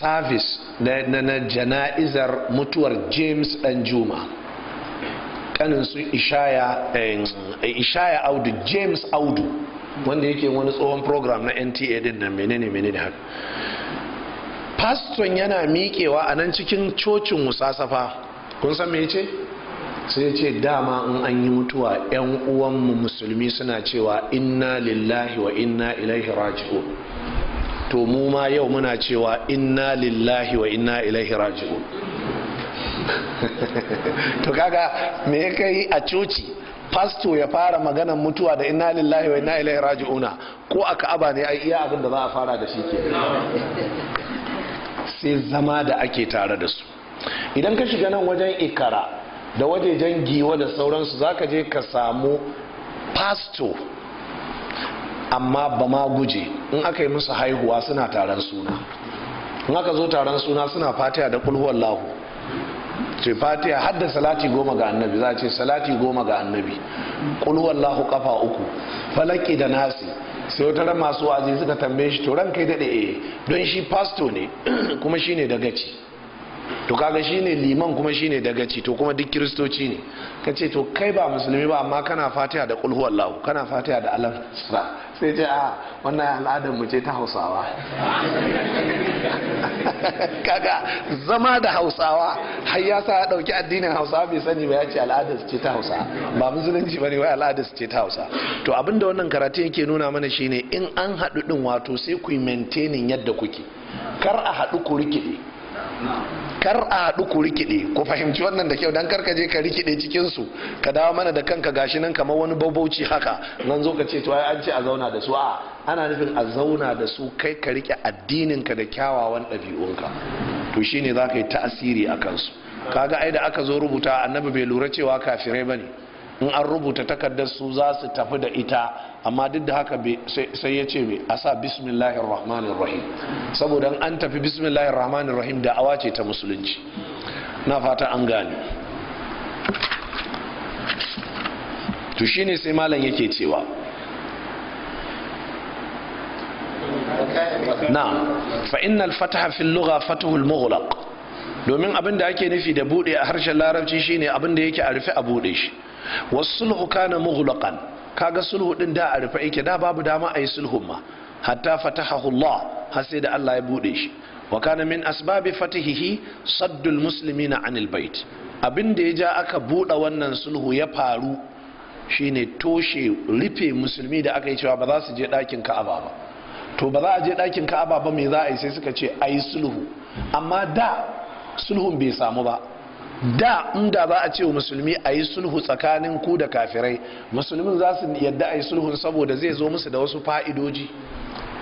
service na jana'izar mutuwar james dan juma kanin su eh, ishaya audu james audu wanda yake wani tsohon program na nta din nan menene menene haka paston yana miƙewa a nan cikin cocin musasafa kun san me ce sai ce dama in an yi mutuwa 'yan uwanmu musulmi suna cewa inna lillahi wa inna ilaihi raji'un to mu ma yau muna cewa inna lillahi wa inna ilaihi raji'un to kaga me kai a coci fasto ya fara maganan mutuwa da inna lillahi wa inna ilaihi raji'una ko aka aba ne ai iya abin da za a fara da shi ke sai zama da ake tare da su idan ka shiga nan wajen ikara da wajejen giwa da sauransu zaka je ka samu fasto amma ba ma guje in aka yi musu haihuwa suna taron suna in aka zo taron suna suna fatiha da kulhuwar lahu ce fatiha hadda salati goma ga annabi za ce salati goma ga annabi kulhuwar lahu kafa uku falaki da nasi sai wata ran masu wa'azi suka tambaye shi to ran kai daɗe eh don shi pasto ne kuma shi ne dagaci to kaga shi ne liman kuma shi ne dagaci to kuma duk kiristoci ne Ka ce to kai ba musulmi ba amma kana fatiha da kulhuwar lahu kana fatiha da alam sai ce a wannan al'adar mu ce ta hausawa kaga zama da hausawa har ya sa dauki addinin hausawa bai sani ba ya ce al'adar ce ta hausa ba musulunci bane wai al'adar ce ta hausa to abinda wannan karatu yake nuna mana shine in an haɗu ɗin wato sai ku yi maintaining yadda kuke kar a haɗu ku rikide kar a haɗu ku rikide ku fahimci wannan da kyau dan kar ka je ka rikide cikin su ka dawo mana da kanka gashi nan kamar wani babauci haka nan zo ka ce to an ce a zauna da su a ana nufin a zauna da su kai ka rike addinin ka da kyawawan ɗabi'unka to shine za ka yi ta'asiri a kansu kaga ai da aka zo rubuta annabi bai lura cewa kafirai bane in an rubuta takardar su za su tafi da ita amma duk da haka sai ya ce a sa bismillahir rahmanir rahim saboda an tafi bismillahir rahmanir rahim da awa ce ta musulunci na fata an gane to shine sai malam yake cewa na fa innal fataha fil lugha fatuhul mughlaq domin abin da ake nufi da bude a harshen larabci shine abin da yake a rufe a bude shi wasulhu kana mughlaqan kaga sulhu din da a rufe yake da babu dama a yi sulhun ma hatta fatahahu Allah har sai da Allah ya bude shi wa kana min asbabi fatihihi saddul muslimina anil bait abin da ya ja aka buɗe wannan sulhu ya faru shine toshe rufe musulmi da aka yi cewa ba za su je ɗakin ka'aba ba to ba za a je ɗakin ka'aba ba me za a yi sai suka ce a yi sulhu amma da sulhun bai samu ba da inda za a ce wa musulmi a yi sulhu tsakanin ku da kafirai musulmin za su yadda a yi sulhun saboda zai zo musu da wasu fa'idoji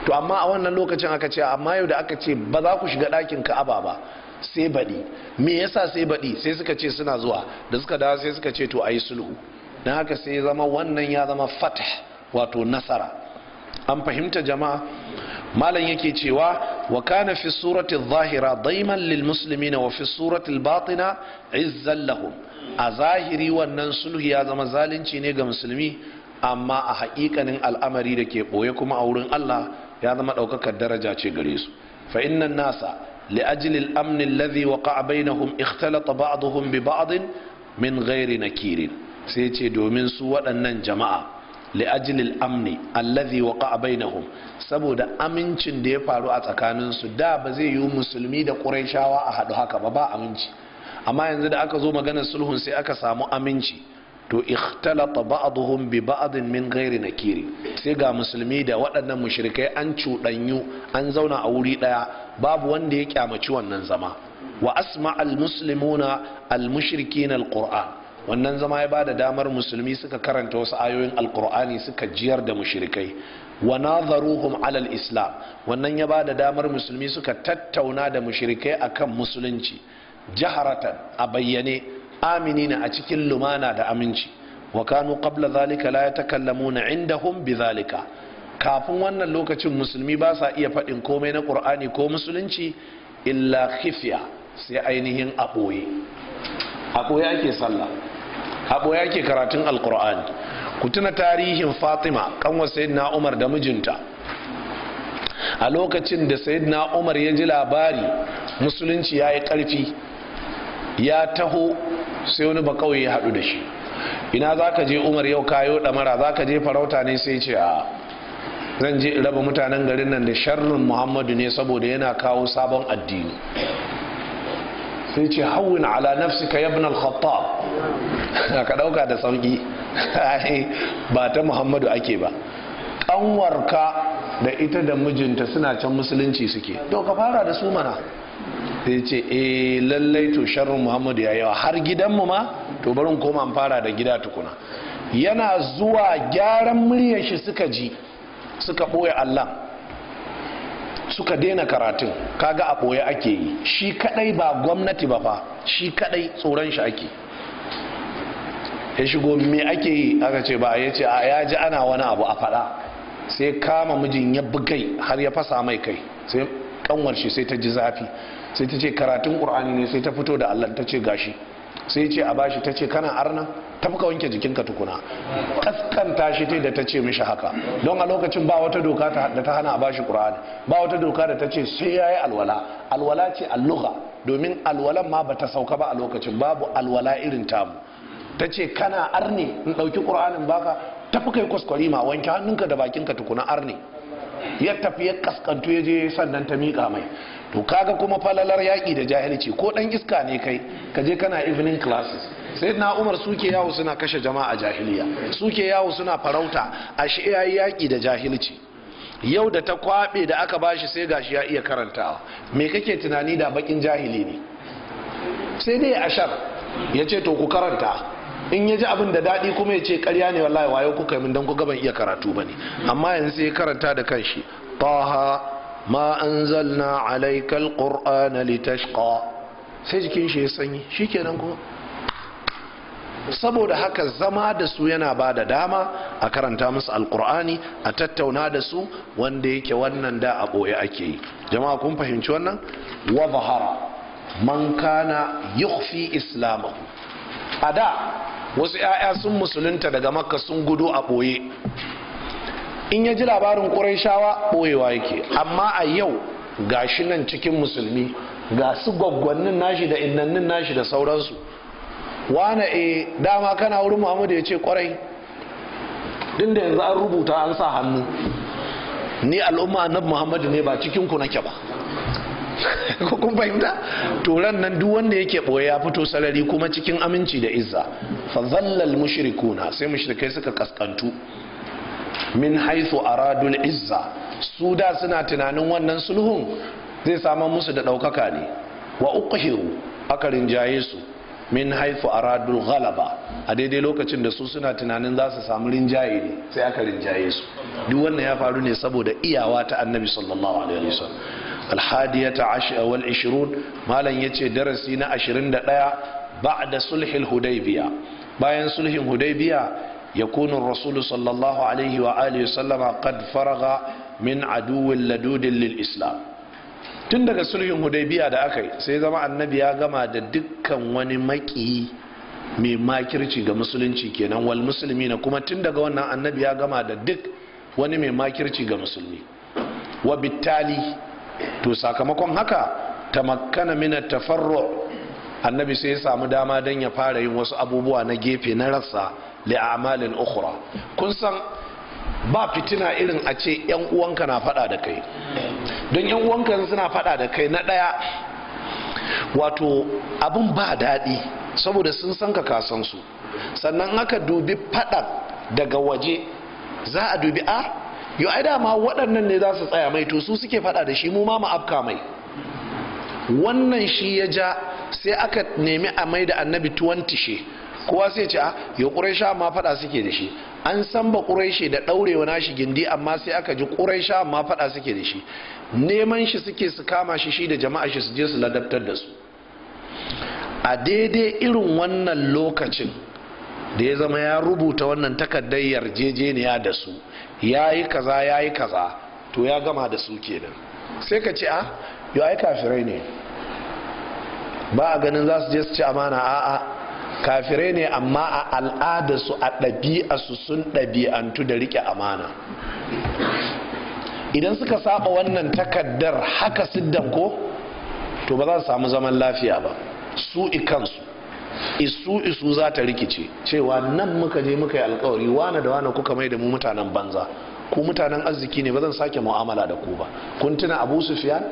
to amma a wannan lokacin aka ce amma yau da aka ce ba za ku shiga ɗakin ka'aba ba sai baɗi me yasa sai baɗi sai suka ce suna zuwa da suka dawo sai suka ce to a yi sulhu don haka sai zama wannan ya zama fatah wato nasara an fahimta jama'a malam yake cewa wa kana fi surati zahira daiman lil muslimina wa fi surati batina izzan lahum a zahiri wannan sulhu ya zama zalunci ne ga musulmi amma a haƙiƙanin al'amari da ke ɓoye kuma a wurin Allah ya zama ɗaukakar daraja ce gare su fa innan nasa li ajli al-amn alladhi waqa'a bainahum ikhtalata ba'dhum bi ba'd min ghairi nakirin sai ce domin su waɗannan jama'a li'ajilil amni allazi waqa bainahum saboda amincin da ya faru a tsakanin su da ba zai yi musulmi da ƙuraishawa a hadu haka ba ba aminci amma yanzu da aka zo maganar sulhun sai aka samu aminci to ikhtalata ba'dhum bi ba'din min ghairi nakiri sai ga musulmi da waɗannan mushrikai an cuɗanyu an zauna a wuri ɗaya babu wanda ya kyamaci wannan zama wa asma al muslimuna al mushrikin al qur'an wannan zama ya bada damar musulmi suka karanta wasu ayoyin alkur'ani suka jiyar da mushrikai wa nadharuhum alal islam wannan ya bada damar musulmi suka tattauna da mushrikai akan musulunci jaharatan a bayyane aminina a cikin lumana da aminci wa kanu qabla zalika la yatakallamuna indahum bidhalika kafin wannan lokacin musulmi ba sa iya faɗin komai na qur'ani ko musulunci illa khifiya sai ainihin a'boye. a ake sallah abu ya ke karatun alkur'ani ku tuna tarihin fatima kanwa sayyidina umar da mijinta a lokacin da sayyidina umar ya ji labari musulunci ya yi ƙarfi ya taho sai wani bakawai ya haɗu da shi ina za ka je umar yau kayo ɗamara za ka je farauta ne sai ce a zan je raba mutanen garin nan da sharrin muhammadu ne saboda yana kawo sabon addini sai ce hawwin ala nafsi ka ibn al-khattab ka dauka da sauki ba ta muhammadu ake ba kanwarka da ita da mijinta suna can musulunci suke to ka fara da su mana sai ce e lallai to sharrin muhammadu ya yawa har gidanmu ma to barin koma fara da gida tukuna yana zuwa gyaran muryar shi suka ji suka boye allah suka daina karatun kaga a ɓoye ake yi shi kadai ba gwamnati ba fa shi kadai tsoron shi ake ya shigo me ake yi aka ce ba ya ce a ya ji ana wani abu a faɗa sai kama mijin ya bugai har ya fasa mai kai sai kanwar shi sai ta ji zafi sai ta ce karatun ƙur'ani ne sai ta fito da allah ta ce gashi sai ce a bashi ta ce kana arna tafka wanke jikinka tukuna kaskanta shi ta da ta ce mishi haka don a lokacin ba wata doka da ta hana a bashi qur'ani ba wata doka da ta ce sai yayi alwala alwala ce alluga domin alwalan ma bata sauka ba a lokacin babu alwala irin tamu ta ce kana arne in ɗauki ƙur'anin baka tafi kai kwaskwari ma wanke hannunka da bakinka tukuna arne ya tafi ya kaskantu ya je sannan ta miƙa mai to kaga kuma falalar yaƙi da jahilci ko ɗan iska ne kai ka je kana evening classes sai na umar suke yawo suna kashe jama'a jahiliya suke yawo suna farauta a shi yayi yaƙi da jahilci yau da ta kwaɓe da aka bashi sai gashi ya iya karantawa me kake tunani da bakin jahili ne sai dai ashar ya ce to ku karanta in ya ji abin da daɗi kuma ya ce karya ne wallahi wayo kuka yi min don ku gaban iya karatu ba ne amma yanzu sai karanta da kanshi taha ma anzalna alayka alqur'ana litashqa sai jikin shi ya sanyi nan ko. saboda haka zama da su yana ba da dama a karanta musu alkur'ani a tattauna da su wanda yake wannan da a ɓoye ake yi jama'a kun fahimci wannan wa zahara man kana yukhfi islamahu a da wasu 'ya'ya sun musulunta daga makka sun gudu a ɓoye in ya ji labarin ƙuraishawa ɓoyewa yake amma a yau ga shi nan cikin musulmi ga su gwaggwannin nashi da innannin nashi da sauransu wane e dama kana wurin muhammadu ya ce kwarai din da yanzu an rubuta an sa hannu ni al'umma annabi muhammadu ne ba cikin ku nake ba kun fahimta turan nan duk wanda yake ɓoye ya fito salari kuma cikin aminci da izza fa zallal mushrikuna sai mushrikai suka kaskantu min haithu aradul izza su da suna tunanin wannan sulhun zai samar musu da ɗaukaka ne wa uqhiru aka jaye su min a aradul ghalaba a daidai lokacin da su suna tunanin za su samu rinjaye ne sai aka rinjaye su duk wannan ya faru ne saboda iyawa ta annabi sallallahu alaihi wasallam alhadiyata a wal 20 malam ce darasi na ashirin da ɗaya ba'da sulhin Hudaibiya. bayan sulhin Hudaibiya. يكون الرسول صلى الله عليه وآله وسلم قد فرغ من عدو لدود للإسلام tun daga sulhin hudaybiya da aka yi sai zama annabi ya gama da dukkan wani maki mai makirci ga musulunci kenan wal musulmi na kuma tun daga wannan annabi ya gama da duk wani mai makirci ga musulmi wa bittali to sakamakon haka ta makana mina farro annabi sai ya samu dama don ya fara yin wasu abubuwa na gefe na rasa. amalin ukhra kun san ba fitina irin a ce yan uwanka na fada da kai don yan uwanka suna fada da kai na daya wato abun ba daɗi saboda sun san ka kasan su sannan aka dubi fada daga waje za a dubi a ah, yau ai dama waɗannan ne za su tsaya mai to su suke fada da shi mu ma mu afka mai wannan shi ya ja sai aka nemi a mai da annabi tuwon tishe kowa sai ce a ah, ya ƙuraisha ma faɗa suke da shi an san ba ƙuraishe da ɗaurewa na shi gindi amma sai aka ji ƙuraisha ma faɗa suke da shi neman shi suke su kama shi shi da jama'a shi su je su ladabtar da su a daidai irin wannan lokacin da ya zama ya rubuta wannan takardar yarjejeniya da su ya yi kaza ya yi kaza to ya gama da su kenan sai ka ce a ah, yau ai kafirai ne ba a ganin za su je su ci amana a'a kafirai ne amma a al'adarsu a ɗabi'arsu sun ɗabi'antu da rike amana idan suka saba wannan takaddar haka siddan ko to ba za su samu zaman lafiya ba su ikansu isu isu za ta rikice cewa nan muka je muka yi alkawari wane da wane kuka mai da mu mutanen banza ku mutanen arziki ne ba zan sake mu'amala da ku ba kun tuna abu sufiyan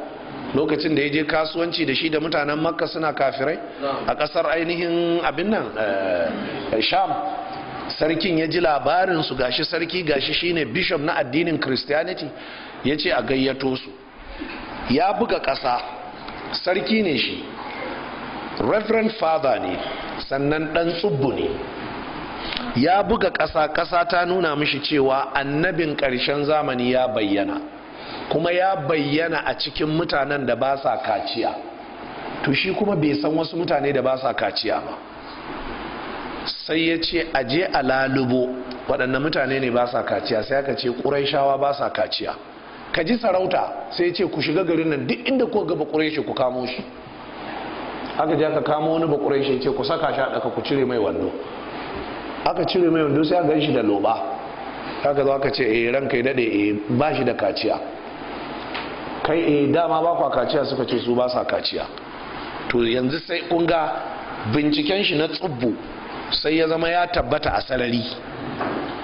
lokacin da ya je kasuwanci da shi da mutanen makka suna kafirai a ƙasar ainihin abin nan eh, sham sarkin ya ji labarin su gashi sarki gashi shine bishop na addinin christianity ya ce a gayyato su ya buga ƙasa sarki ne shi reverend father ne sannan ɗan tsubbu ne ya buga ƙasa ƙasa ta nuna mishi cewa annabin ƙarshen zamani ya bayyana kuma ya bayyana a cikin mutanen da ba sa kaciya to shi kuma bai san wasu mutane da ba sa kaciya ba sai ya ce aje a lalubo waɗannan mutane ne ba sa kaciya sai aka ce ƙuraishawa ba sa kaciya ka ji sarauta sai ya ce ku shiga garin nan duk inda ku gaba ƙureshi ku kamo shi aka ji aka kamo wani ba ce ku saka shi ɗaka ku cire mai wando aka cire mai wando sai aka gan shi da loba aka zo aka ce eh ranka ya daɗe eh ba shi da kaciya kai eh dama ba kwa kaciya suka ce su ba sa kaciya to yanzu sai kunga binciken shi na tsubbu sai ya zama ya tabbata a sarari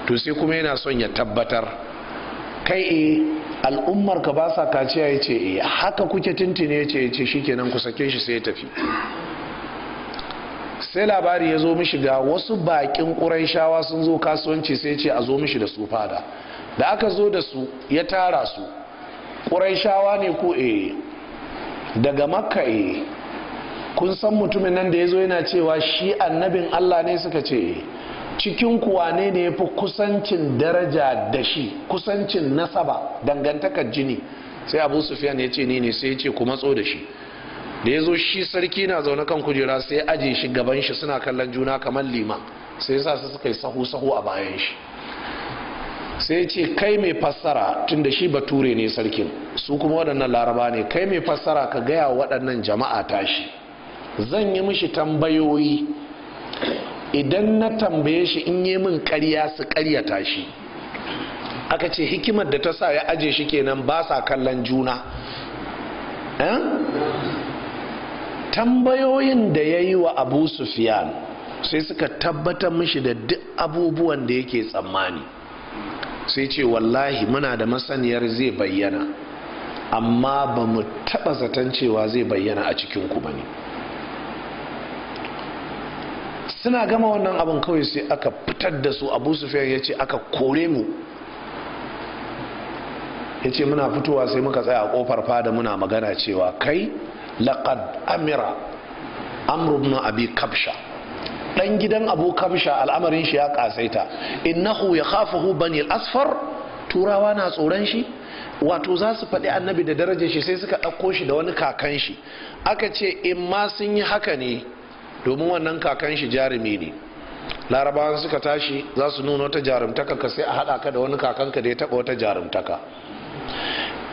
to sai kuma yana son ya tabbatar kai eh al'ummar ka ba sa kaciya ya ce eh haka kuke tintine ya ce ya ce shikenan ku sake shi sai ya tafi sai labari ya zo mishi ga wasu bakin ƙuraishawa sun zo kasuwanci sai ce a zo mishi da su fada da aka zo da su ya tara su ƙuraishawa ne ko eh daga makka eh kun san mutumin nan da ya zo yana cewa shi annabin allah ne suka ce cikin kuwane ne ya fi kusancin daraja da shi kusancin nasaba dangantakar jini sai abu sufiyan ya ce ni ne sai ya ce ku matso da shi da ya zo shi sarki na zaune kan kujera sai ya aje shi gaban shi suna kallon juna kamar liman sai ya sa su suka yi sahu sahu a bayan shi sai ce kai mai fassara tunda shi bature ne sarkin su kuma waɗannan laraba ne kai mai fassara ka gaya waɗannan jama'a tashi zan yi mishi tambayoyi idan na tambaye shi in yi min karya su karya tashi aka ce hikimar da ta sa ya aje shi kenan ba sa kallon juna eh? tambayoyin da ya yi wa abu sufiyan sai suka tabbatar mishi da duk abubuwan da yake tsammani sai ce wallahi muna da masaniyar zai bayyana amma ba mu taɓa zaton cewa zai bayyana a cikinku ba ne suna gama wannan abin kawai sai aka fitar da su abu sufiyar ya ce aka kore mu ya ce muna fitowa sai muka tsaya a ƙofar fada muna magana cewa kai laƙad amira amru abi kabsha dan gidan abu kamsha al'amarin shi ya kasaita innahu ya khafahu bani asfar turawa na tsoron shi wato za su faɗi annabi da darajar shi sai suka ɗauko shi da wani kakan shi aka ce in ma sun yi haka ne domin wannan kakan shi jarumi ne larabawan suka tashi za su nuna wata jarumtaka ka sai a haɗa ka da wani kakanka da ya taɓa wata jarumtaka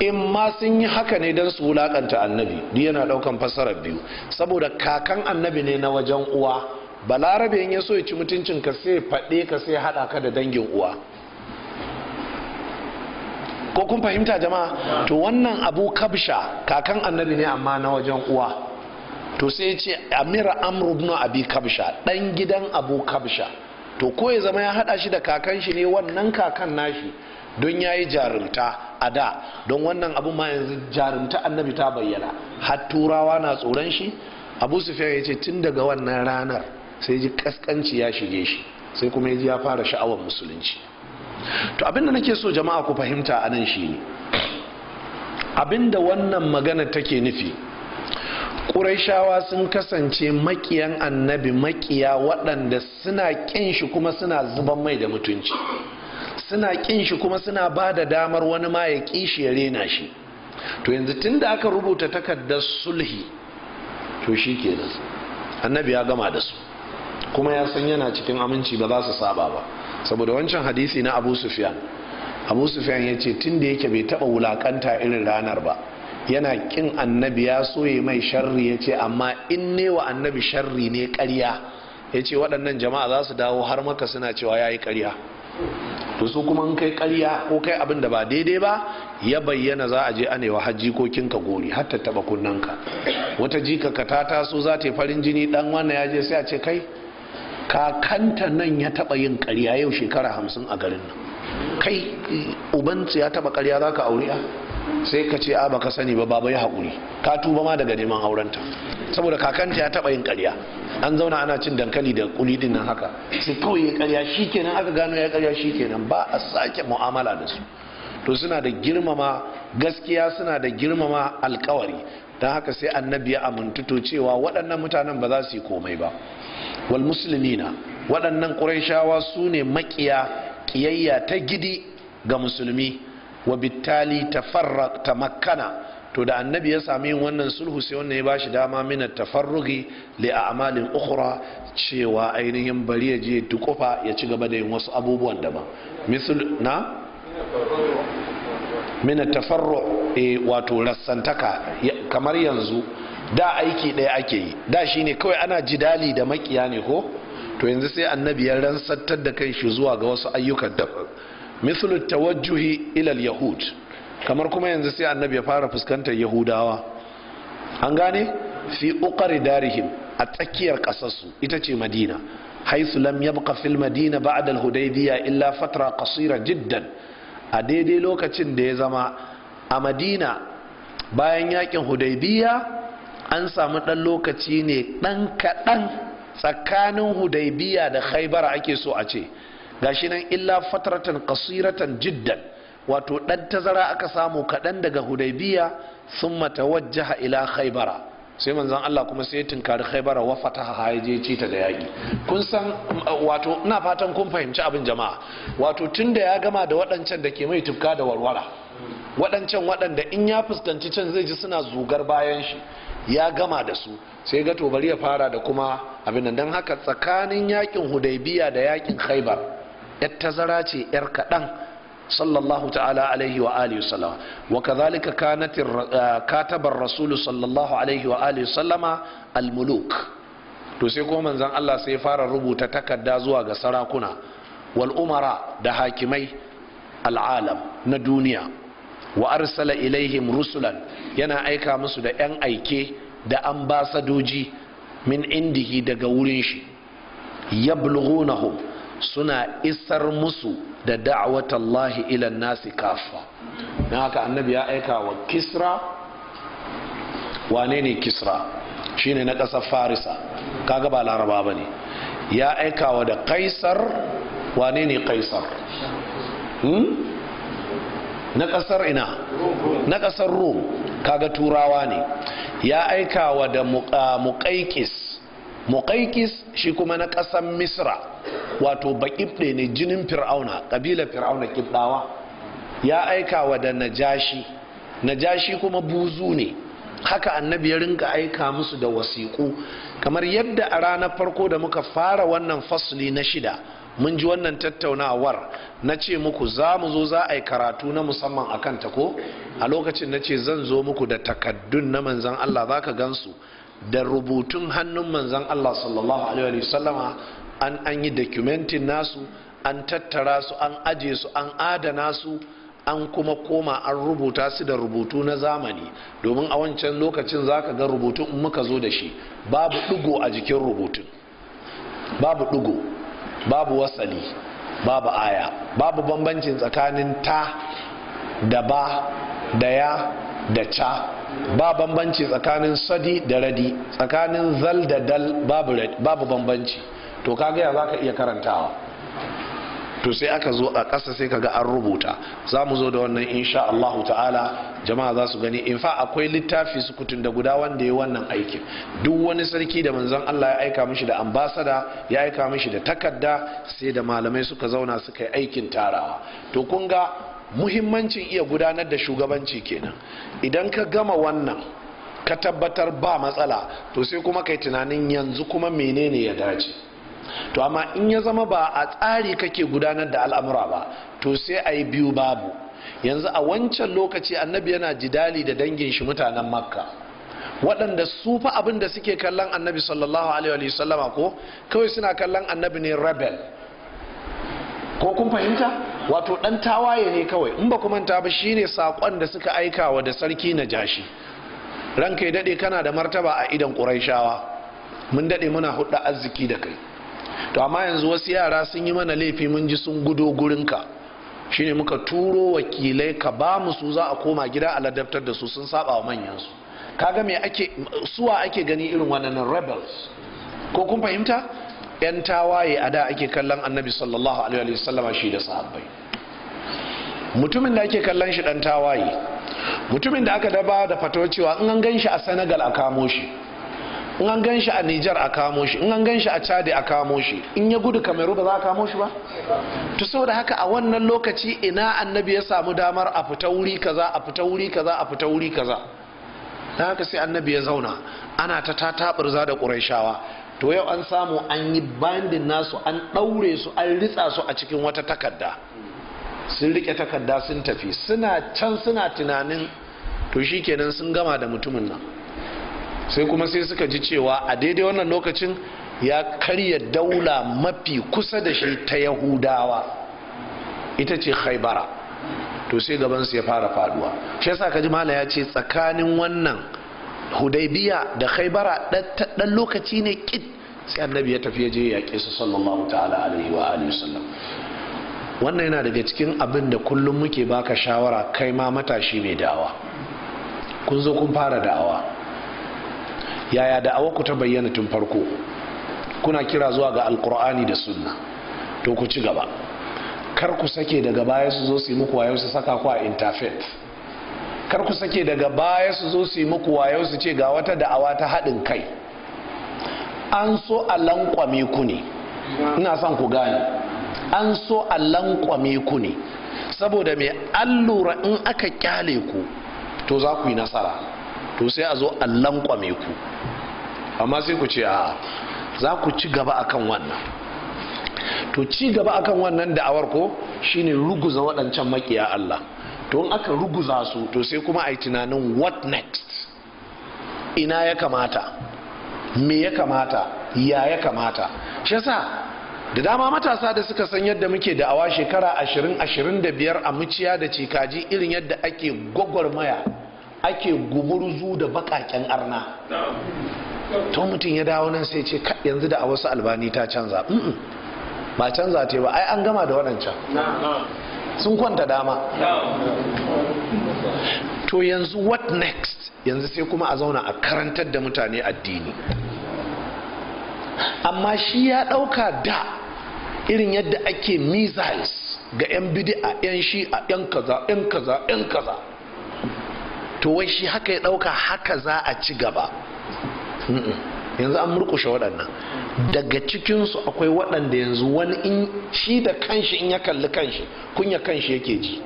in ma sun yi haka ne don su wulaƙanta annabi duk yana ɗaukan fassarar biyu saboda kakan annabi ne na wajen uwa balarabe in ya so ya ci mutuncin ka sai faɗe ka sai haɗa ka da dangin uwa ko kun fahimta jama'a to wannan abu kabsha kakan annabi ne amma na wajen uwa to sai ce amira amru ibn abi kabsha dan gidan abu kabsha to ko ya zama ya haɗa shi da kakan shi ne wannan kakan nashi don ya yi jarumta a da don wannan abu ma yanzu jarumta annabi ta bayyana har turawa na tsoron shi abu sufiya ya ce tun daga wannan ranar sai ji kaskanci ya shige shi sai kuma ya ya fara sha'awar musulunci to abinda nake so jama'a ku fahimta a nan shi ne abin wannan magana take nufi ƙuraishawa sun kasance maƙiyan annabi maƙiya waɗanda suna ƙin shi kuma suna zuban mai da mutunci suna ƙin shi kuma suna ba da damar wani ma ya ƙi shi ya rena shi to yanzu tun da aka rubuta takardar sulhi to shi nasu annabi ya gama da su kuma ya san yana cikin aminci ba za su saba ba saboda wancan hadisi na abu sufyan abu sufyan ya ce tun da yake bai taba wulakanta irin ranar ba yana kin annabi ya so ya mai sharri ya ce amma in ne wa annabi sharri ne karya ya ce waɗannan jama'a za su dawo har maka suna cewa ya yi karya to su kuma in kai karya ko kai abin da ba daidai ba ya bayyana za a je anewa hajji ko kinka gori har ta taba kunnanka wata jika ka ta taso za ta yi farin jini ɗan wannan ya je sai a ce kai kakanta nan ya taba yin karya yau shekara hamsin a garin nan kai ubansu ya taɓa karya za ka aure sai ka ce a baka sani ba baba ya haƙuri ka tuba ma daga neman aurenta saboda kakanta ya taba yin karya an zauna ana cin dankali da din nan haka sai kawai ya karya shi aka gano ya karya shi kenan ba a sake mu'amala da su to suna da girmama gaskiya suna da girmama alkawari don haka sai annabi ya amintu to cewa waɗannan mutanen ba za su yi komai ba wal na waɗannan ƙuraishawa su ne maƙiya ƙiyayya ta gidi ga musulmi wa bittali ta makana to da annabi ya sami yin wannan sulhu sai wannan ya ba shi dama mina tafarrugi li a'malin ukhra cewa ainihin bari ya je tukufa ya ci gaba da yin wasu abubuwan daban misal na mina eh, wato rassantaka kamar yanzu da aiki ɗaya ake yi da shi ne kawai ana jidali da makiya ne ko to yanzu sai annabi ya rantsar da kai shi zuwa ga wasu ayyukan da mislu tawajjuhi ilal yahud kamar kuma yanzu sai annabi ya fara fuskantar yahudawa an gane fi uqari darihim a tsakiyar kasarsu ita ce madina haisu lam yabqa fil madina ba'da al illa fatra qasira jiddan a daidai lokacin da ya zama a madina bayan yakin hudaibiya. an samu ɗan lokaci ne ɗan kaɗan tsakanin hudaibiya da khaibara ake so a ce gashi nan illa fataratan kasiratan jiddan wato ɗan tazara aka samu kaɗan daga hudaibiya sun mata wajjaha ila khaibara sai manzan Allah kuma sai tunkari khaibara wa fataha ya je ci ta da yaƙi kun san wato ina fatan kun fahimci abin jama'a wato tun da ya gama da waɗancan da ke mai tufka da warwara waɗancan waɗanda in ya fuskanci can zai ji suna zugar bayan shi ya gama da su sai ga bari ya fara da kuma abin nan don haka tsakanin yakin hudaybiya da yakin khaibar yar tazara ce yar kaɗan sallallahu ta'ala alaihi wa alihi sallama wa kazalika kanat eh, katabar rasulu sallallahu alaihi wa alihi sallama al-muluk to sai kuma manzon Allah sai fara rubuta takarda zuwa ga sarakuna wal umara da hakimai al'alam na duniya wa arsala ilaihim rusulan yana aika musu da 'yan aike da ambasadoji min indihi daga wurin shi yablughunahu suna isar musu da da'awatallahi ilan nasi kafa na haka annabi ya aika wa kisra wane ne kisra shine na ƙasar farisa kaga ba laraba ba ne ya wa da kaisar wane ne kaisar hmm? na kasar ina na kasar rum kaga turawa ne ya aika wa da muƙaikis shi kuma na ƙasar misra wato baƙibɗe ne jinin fir'auna ƙabilar fir'auna ƙibɗawa ya aika wa da najashi najashi kuma buzu ne haka annabi ya rinka aika musu da wasiƙu kamar yadda a ranar farko da muka fara wannan fasli na shida mun ji wannan tattaunawar na ce muku za mu zo za a yi karatu na musamman a kanta ko a lokacin na ce zan zo muku da takaddun na manzan Allah za ka gansu da rubutun hannun manzan Allah sallallahu alaihi wasallama an an yi dokumentin nasu an tattara su an aje su an adana su an kuma koma an rubuta su da rubutu na zamani domin a wancan lokacin za ka ga rubutun in muka zo da shi babu ɗigo a jikin rubutun babu ɗigo babu wasali babu aya babu bambancin tsakanin ta da ba da ya da ca ba bambanci tsakanin sadi da radi tsakanin zal da dal babu bambanci to kaga ya za ka iya karantawa to sai aka zo a ƙasa sai kaga an rubuta za mu zo da wannan insha Allahu ta'ala jama'a za su gani infa akwai littafi su kutun da guda wanda ya wannan aikin duk wani sarki da manzon Allah ya aika mishi da ambasada ya aika mishi da takarda sai da malamai suka zauna suka yi aikin tarawa to kun ga muhimmancin iya gudanar da shugabanci kenan idan ka gama wannan ka tabbatar ba matsala to sai kuma kai tunanin yanzu kuma menene ya dace to amma in ya zama ba a tsari kake gudanar da al'amura ba to sai a yi biyu babu yanzu a wancan lokaci annabi yana jidali da dangin shi mutanen makka waɗanda su fa abin da suke kallon annabi sallallahu alaihi sallama ko kawai suna kallon annabi ne rebel ko kun fahimta wato ɗan tawaye ne kawai in ba ku manta ba shine sakon da suka aika wa da sarki na jashi ranka ya dade kana da martaba a idan quraishawa mun dade muna hudda arziki da kai to amma yanzu wasu yara sun yi mana laifi mun ji sun gudo gurinka shine muka turo wakilai ka ba mu su za a koma gida a ladabtar da su sun saba wa manyansu kaga me ake suwa ake gani irin wannan rebels ko kun fahimta yan tawaye a da ake kallon annabi sallallahu alaihi wa sallama shi da sahabbai mutumin da ake kallon shi dan tawaye mutumin da aka daba da fatawa cewa in an gan shi a senegal a kamo shi in an gan shi a Nijar a kamo shi in an gan shi a cadi a kamo shi in ya gudu Kameru ba za a kamo shi ba to saboda haka a wannan lokaci ina annabi ya samu damar a fita wuri kaza a fita wuri kaza a fita wuri kaza ta haka sai annabi ya zauna ana ta ta za da ƙurayshawa to yau an samu an yi bandin nasu an ɗaure su an ritsa su a cikin wata takarda sun riƙe takarda sun tafi suna can suna tunanin to shi shikenan sun gama da mutumin nan sai kuma sai suka ji cewa a daidai wannan lokacin ya karya daula mafi kusa da shi ta yahudawa ita ce khaibara to sai gabansu ya fara faduwa shi yasa kaji mala ya ce tsakanin wannan hudaibiya da khaibara ɗan lokaci ne kit sai annabi ya tafi ya je yaƙe su sallallahu ta'ala alaihi wa alihi wasallam wannan yana daga cikin abin da kullum muke baka shawara kai ma matashi mai da'awa kun zo kun fara da'awa yaya da ku ta bayyana tun farko kuna kira zuwa ga alkur'ani da sunna to ku ci gaba kar ku sake daga baya su zo su yi muku wayo su saka ku a interfaith kar ku sake daga baya su zo su yi muku wayo su ce ga wata da'awa ta haɗin kai an so a lankwame ku ne ina son ku gane an so a lankwame ku ne saboda mai an lura in aka kyale ku to za ku yi nasara to sai a zo a lankwame ku amma sai ku ce a za ku ci gaba akan wannan to ci gaba akan wannan da'awar ko shine ruguza waɗancan makiya Allah to in aka ruguza su to sai kuma a yi tunanin what next ina ya kamata me ya kamata ya ya kamata shi yasa da dama matasa da suka san yadda muke da'awa shekara ashirin ashirin da biyar a muciya da cikaji irin yadda ake gwagwarmaya ake gumurzu da baƙaƙen arna to mutum ya dawo nan sai ce yanzu da a wasu albani ta canza ba canza ce ba ai an gama da can. sun kwanta dama to yanzu what next yanzu sai kuma a zauna a karantar da mutane addini amma shi ya ɗauka da irin yadda ake missiles ga 'yan bidi'a 'yan shi a 'yan kaza 'yan kaza 'yan kaza to wai shi haka ya ɗauka haka za a ci gaba yanzu an murkushe waɗannan daga cikinsu akwai waɗanda yanzu wani in shi da kanshi in ya kalli kanshi kunya kanshi yake ji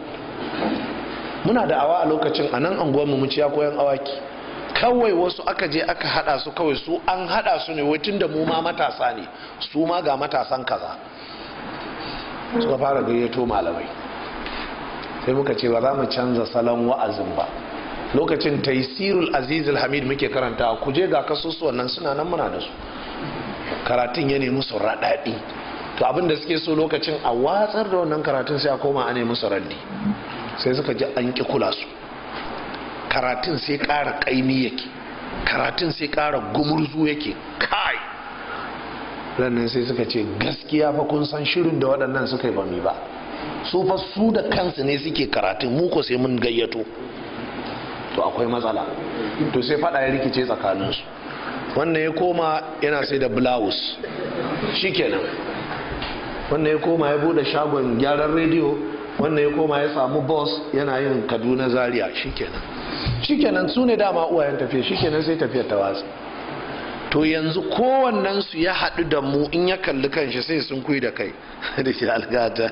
muna da awa a lokacin a nan anguwanmu mu ciya koyan awaki kawai wasu aka je aka haɗa su kawai su an haɗa su ne tun da mu ma matasa ne su ma ga matasan kaza suka fara gayyato malamai sai muka ce ba za mu canza salon wa'azin ba lokacin taisirul azizul hamid muke karanta ku je ga kasusuwan nan suna nan muna da su karatun ya nemi su raɗaɗi to abin da suke so lokacin a watsar da wannan karatun sai a koma a nemi su raddi sai suka ji an ƙi kula su karatun sai ƙara ƙaimi yake karatun sai ƙara gumurzu yake kai rannan sai suka ce gaskiya fa kun san shirin da waɗannan suka yi ba mi ba su fa su da kansu ne suke karatun mu ko sai mun gayyato to akwai matsala to sai fada ya rikice tsakaninsu wannan ya koma yana sai da shikenan wannan ya koma ya bude shagon gyaran rediyo wannan ya koma ya samu bus yana yin kaduna zaria shikenan shikenan su ne dama uwayen tafiya shikenan sai tafiyar ta watsa to yanzu kowannen su ya haɗu da mu in ya kalli kanshi sai sun kuyi da kai da shi algata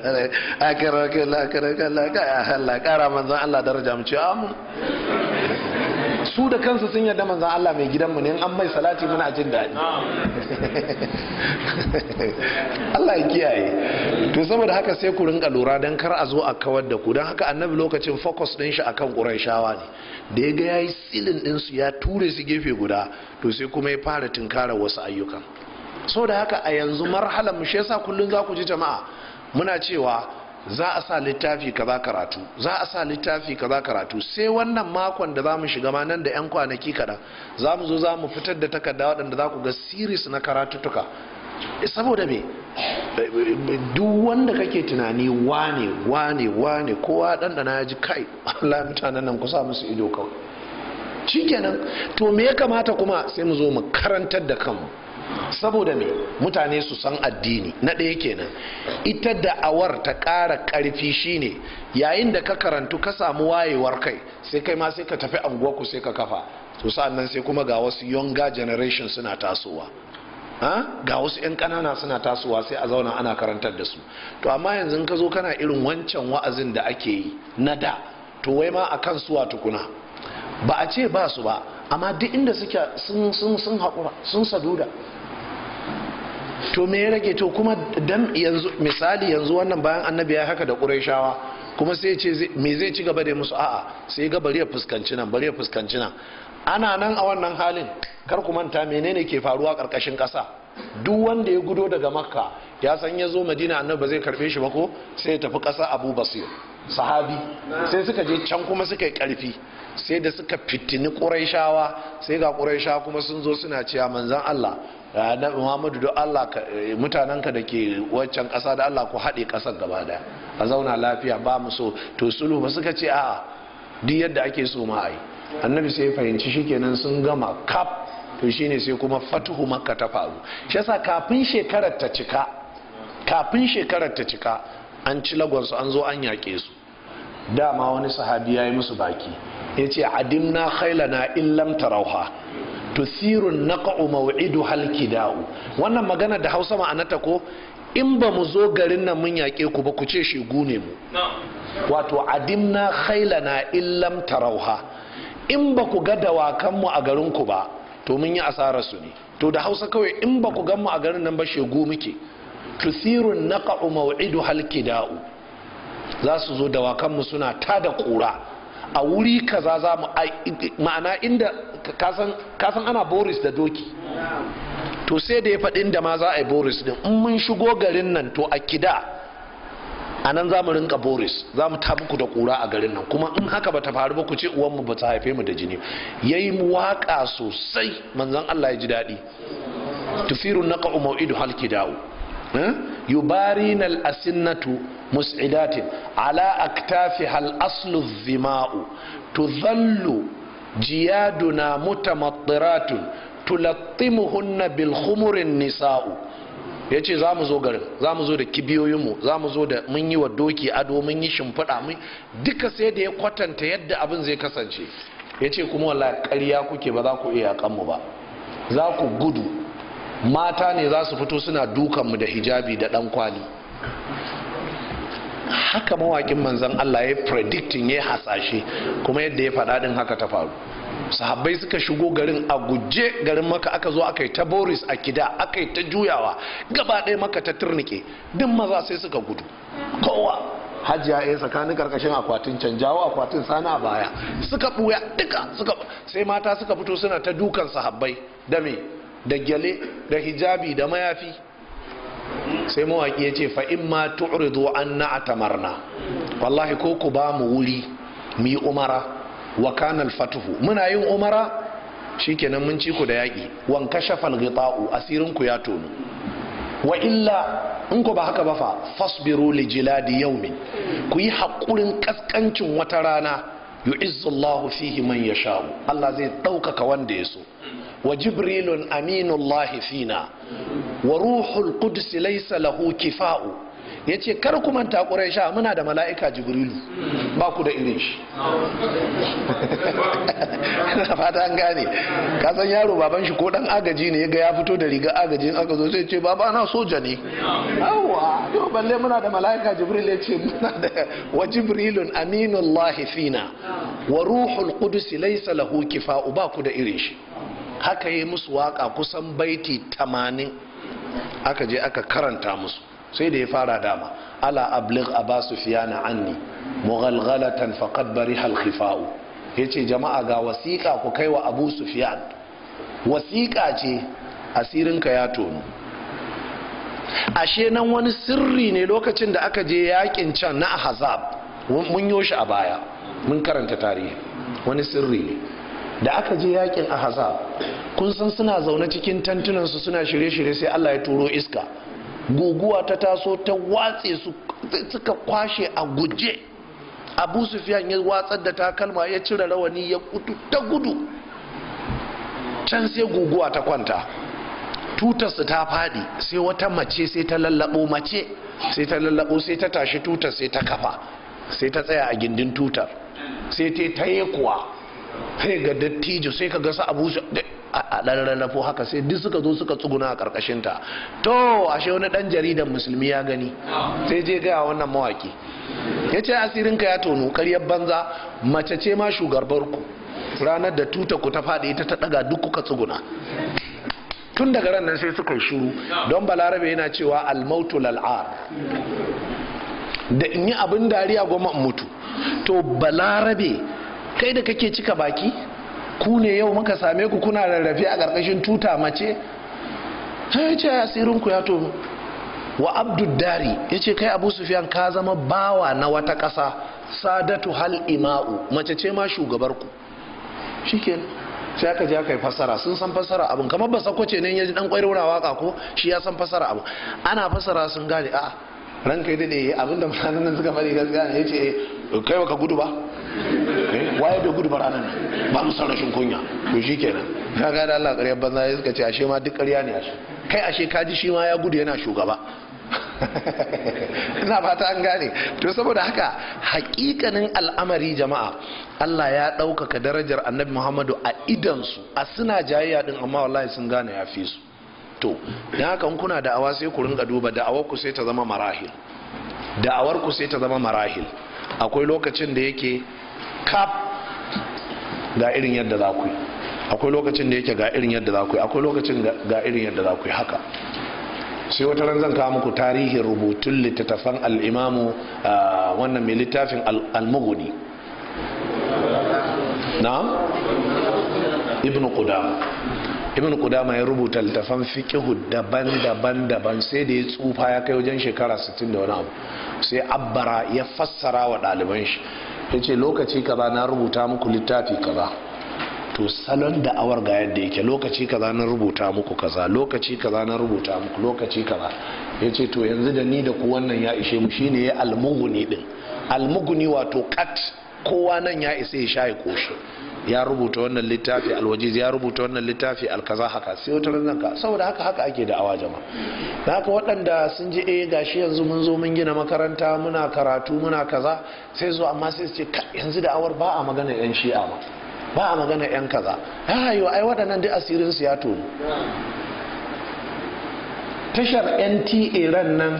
akarar kala kala kala kala kara manzan Allah daraja mu ce amu su da kansu sun yarda manzan Allah mai gidanmu ne in an mai salati muna jin daɗi Allah ya kiyaye to saboda haka sai ku rinka lura don kar a zo a kawar da ku don haka annabi lokacin focus ɗin shi a akan shawa ne da ya ga yayi silin ɗin su ya ture su gefe guda to sai kuma ya fara tunkarar wasu ayyukan saboda haka a yanzu marhalar mu shi yasa kullun za ku ji jama'a muna cewa za a sa littafi ba karatu za a sa littafi kaza karatu sai wannan makon da za mu shiga ma nan da 'yan kwanaki kaɗan za mu zo za mu fitar da takarda waɗanda za ku ga siris na karatuttuka eh, saboda me duk wanda kake tunani wane wane wane kowa ɗanɗana ya ji kai Allah mutanen nan kusa musu ido kawai shikenan to me ya kamata kuma sai mu zo mu karantar da kanmu saboda me mutane su san addini na ɗaya kenan ita da'awar ta ƙara ƙarfi shine yayin da ka karantu ka samu wayewar kai sai kai ma sai ka tafi anguwarku sai ka kafa to nan sai kuma ga wasu younger generation suna tasowa ga wasu 'yan ƙanana suna tasowa sai a zauna ana karantar da su to amma yanzu ka zo kana irin wancan wa'azin da ake yi na da to wai ma a kan suwa tukuna ba a ce ba su ba amma duk inda suke sun haƙura sun saduda to me ya rage to kuma dan yanzu misali yanzu wannan bayan annabi ya haka da ƙurayshawa kuma sai ce me zai ci gaba da musu a'a sai ga bari ya fuskanci nan bari ya fuskanci nan ana nan a wannan halin kar ku manta ne ke faruwa ƙarƙashin ƙasa duk wanda ya gudo daga makka ya san ya zo madina annabi ba zai karbe shi ba ko sai ya tafi ƙasa abu basir sahabi sai suka je can kuma suka yi ƙarfi sai da suka fitini ƙuraishawa sai ga ƙuraishawa kuma sun zo suna cewa manzan Allah na Muhammadu don Allah mutanenka da ke waccan ƙasa da Allah ku haɗe ƙasar gaba daya a zauna lafiya ba mu so to sulhu ba suka ce a duk yadda ake so ma ai annabi sai fahimci shi shikenan sun gama kaf to shine sai kuma fatuhu makka ta faru shi yasa kafin shekarar ta cika kafin shekarar ta cika an ci su an zo an yaƙe su dama wani sahabi ya yi musu baki ya ce adimna khailana illam tarauha tusirun naqa'u maw'idu halkida'u wannan magana da Hausa ma'anata ko in ba mu zo garin nan mun yaƙe ku ba ku ce shegu ne mu wato adimna khailana illam tarauha in ba ku ga dawakanmu a garin ku ba to mun yi asarar su ne to da Hausa kawai in ba ku gan mu a garin nan ba shegu muke tusirun naqa'u maw'idu halkida'u za su zo dawakanmu suna ta da kura a wuri kaza za mu ma'ana inda kasan ana boris da doki to sai da ya faɗin da ma za a yi boris din in mun shigo garin nan to a kida a nan za mu rinka boris za mu ta muku da kura a garin nan kuma in haka ba ta faru ba ku ce uwanmu ba ta haife mu da jini ya yi waƙa sosai manzan allah ya ji daɗi tufirun na umaru idu halki da'u Hmm? yubarina al-asinnatu mus'idatin ala hal al-aslu dhima'u tudhallu jiyaduna mutamattiratun tulattimuhunna bil nisa'u ya ce za mu zo garin za mu zo da kibiyoyinmu za mu zo da mun yi wa doki ado mun yi shimfiɗa mun duka sai da ya kwatanta yadda abin zai kasance ya ce kuma wala ƙarya kuke ba za ku iya kanmu ba za ku gudu mata ne za su fito suna dukanmu da hijabi da dan kwali haka mawakin manzan Allah ya predicting ya hasashe kuma yadda ya faɗa din haka ta faru sahabbai suka shigo garin a guje garin maka aka zo aka yi ta boris a kida aka yi ta juyawa gaba ɗaya maka ta turnike duk maza sai suka gudu kowa hajiya ya tsakanin karkashin akwatin canjawa akwatin sana baya suka buya duka sai mata suka fito suna ta dukan sahabbai da me da gyale da hijabi da mayafi sai mawaki ya ce fa'in ma tu'ridu an na tamarna. wallahi ko ku ba mu wuri mu umara wa kanal fatuhu muna yin umara shi kenan mun ci ku da yaƙi wanka shafal gita'u asirin ku ya tonu wa illa in ku ba haka ba fa fasbiru li jiladi yaumin ku yi haƙurin ƙasƙancin wata rana yu'izzullahu fihi man yasha'u Allah zai ɗaukaka wanda ya so wa jibrilun الله fina wa القدس ليس له كفاء yace kar ku manta quraisha muna da mala'ika jibrilu ba ku da irin shi na fata an gane ka san yaro baban shi ko dan agaji ne ga ya fito da riga agaji in aka zo sai ce baba na soja ne yawa to balle muna da malaika jibril ya ce muna da wa jibrilun aminullahi fina wa ruhul qudus laysa lahu kifa'u ba ku da irin shi haka yi musu waka kusan baiti tamanin aka je aka karanta musu sai da ya fara dama ala ablig aba sufiyana anni mughalghalatan faqad bariha al yace jama'a ga wasiƙa ku kai wa abu sufiyan wasiƙa ce asirinka ya tonu ashe nan wani sirri ne lokacin da aka je yakin can na ahzab mun yoshi a baya mun karanta tarihi wani sirri ne da aka je yakin ahzab kun san suna zaune cikin tantunansu suna shirye-shirye sai Allah ya turo iska guguwa ta taso ta watse su suka kwashe a guje abu sufiyan ya watsar da takalma ya cire rawani ya kutu ta gudu can sai guguwa ta kwanta tutarsu ta fadi sai wata mace sai ta lallabo mace sai ta lallabo sai ta tashi tutar sai ta kafa sai ta tsaya a gindin tutar sai ta yi kuwa sai ga dattijo sai ka gasa abu a ɗan haka sai duk suka zo suka tsuguna a ƙarƙashin ta to ashe wani ɗan jaridan musulmi ya gani sai je gaya wannan mawaƙi. ya ce asirinka ya tono karyar banza mace ce ma shugabar ku ranar da tuta ku ta faɗi ita ta ɗaga duk kuka tsuguna tun daga ran nan sai suka shuru don balarabe yana cewa almautu lal'ar da in yi abin dariya goma mutu to balarabe kai da kake cika baki ku ne yau muka same ku kuna rarrafe a ƙarƙashin tuta mace ya ce asirinku ya to wa abduddari ya ce kai abu sufiyan ka zama bawa na wata ƙasa sadatu hal ima'u mace ce ma shugabar ku shiken sai aka je aka yi fasara sun san fasara abin kamar ba sako ne ya ji dan kwairaura waka ko shi ya san fasara abin ana fasara sun gane a ranka yi dade abin da mutanen nan suka fari gaskiya ne ya ce eh, kai baka gudu ba Eh, waye da gudu ba ranar ba mu san rashin kunya to shi kenan ka ga da Allah ƙarya banza ya suka ce ashe ma duk ƙarya ne ashe kai ashe ka ji shi ma ya gudu yana shugaba ina fata an gane to saboda haka hakikanin al'amari jama'a Allah ya ɗaukaka darajar annabi Muhammadu a idansu a suna jayayya din amma wallahi sun gane ya fi su to dan haka in kuna da'awa sai ku ringa duba da'awar ku sai ta zama marahil da'awar ku sai ta zama marahil akwai lokacin da yake kap ga irin yadda za ku yi akwai lokacin da yake ga irin yadda za ku yi akwai lokacin ga irin yadda za ku yi haka sai wata ran zan kawo muku tarihin rubutun littattafan al'imamu ah, wannan mai littafin almuguni na ibn qudama ibn kudama ya rubuta littafan fiqihu daban-daban daban sai da ya tsufa ya kai wajen shekara 60 da wani abu sai abbara ya fassara wa ɗaliban shi ya ce lokaci kaza na rubuta muku littafi kaza to salon da awar ga yadda yake lokaci kaza na rubuta muku kaza lokaci kaza na rubuta muku lokaci kaza ya ce to yanzu da ni da ku wannan ya ishe mu shine ya almuguni din almuguni wato kat kowa nan ya isa ya sha ya koshi ya rubuta wannan littafi alwajiz ya rubuta wannan littafi alkaza haka sai wata ranar ka saboda haka haka ake da awa jama da haka waɗanda sun ji eh gashi yanzu mun zo mun gina makaranta muna karatu muna kaza sai zo amma sai su ce yanzu da awar ba a magana yan shi'a ba ba a magana yan kaza ya yi ai waɗannan duk asirin su ya tono tashar nta ran nan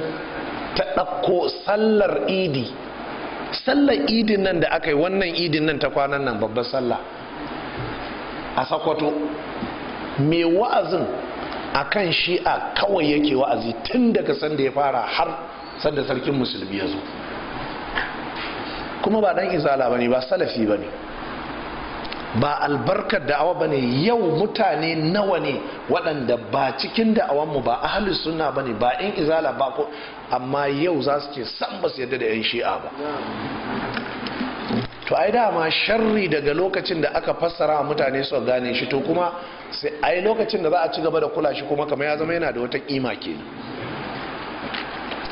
ta ɗauko sallar idi sallar idin nan da aka yi wannan idin nan ta kwanan nan babbar sallah a sakwato mai wa'azin a kan shi'a kawai yake wa'azi tun daga sanda ya fara har sanda sarkin musulmi ya zo kuma ba dan izala ba ne ba salafi ba ne ba albarkar da'awa ba ne yau mutane nawa ne waɗanda ba cikin da'awanmu ba ahalus suna ba ne ba in izala ba ko amma yau za su ce san ba su yadda da 'yan shi'a ba to ai dama sharri daga lokacin da aka fassara a mutane su gane shi to kuma sai ai lokacin da za a ci gaba da kula shi kuma kamar ya zama yana da wata kima kenan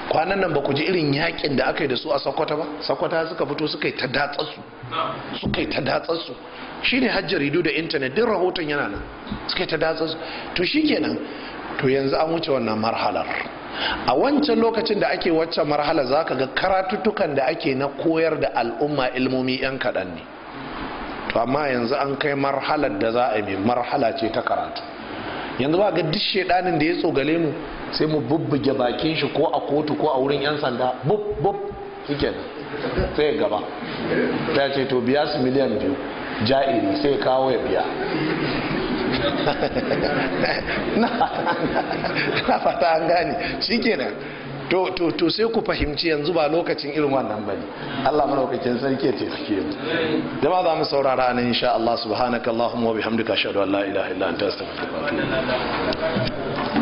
kwanan nan ba ku ji irin yakin da aka yi da su a sakwata ba sakwata suka fito suka yi ta datsarsu suka yi ta hajjar rido da intanet din rahoton yana nan suka yi ta datsarsu to shi kenan to yanzu an wuce wannan marhalar a wancan lokacin da ake waccan marhala za ka ga karatuttukan da ake na koyar da al'umma ilmomi 'yan kaɗan ne to amma yanzu an kai marhalar da za a yi marhala ce ta karatu yanzu ba ga duk shedanin da ya tsogale mu sai mu bubbuge bakin shi ko a kotu ko a wurin 'yan sanda bub bub suke sai gaba ta ce to biya su miliyan biyu ja'iri sai kawo ya biya na fata an gane shikenan to to to sai ku fahimci yanzu ba lokacin irin wannan bane Allah madaukakin sarki ya taimake mu ba za mu saurara nan insha Allah subhanakallahumma wa bihamdika ashhadu an la ilaha illa anta astaghfiruka wa atubu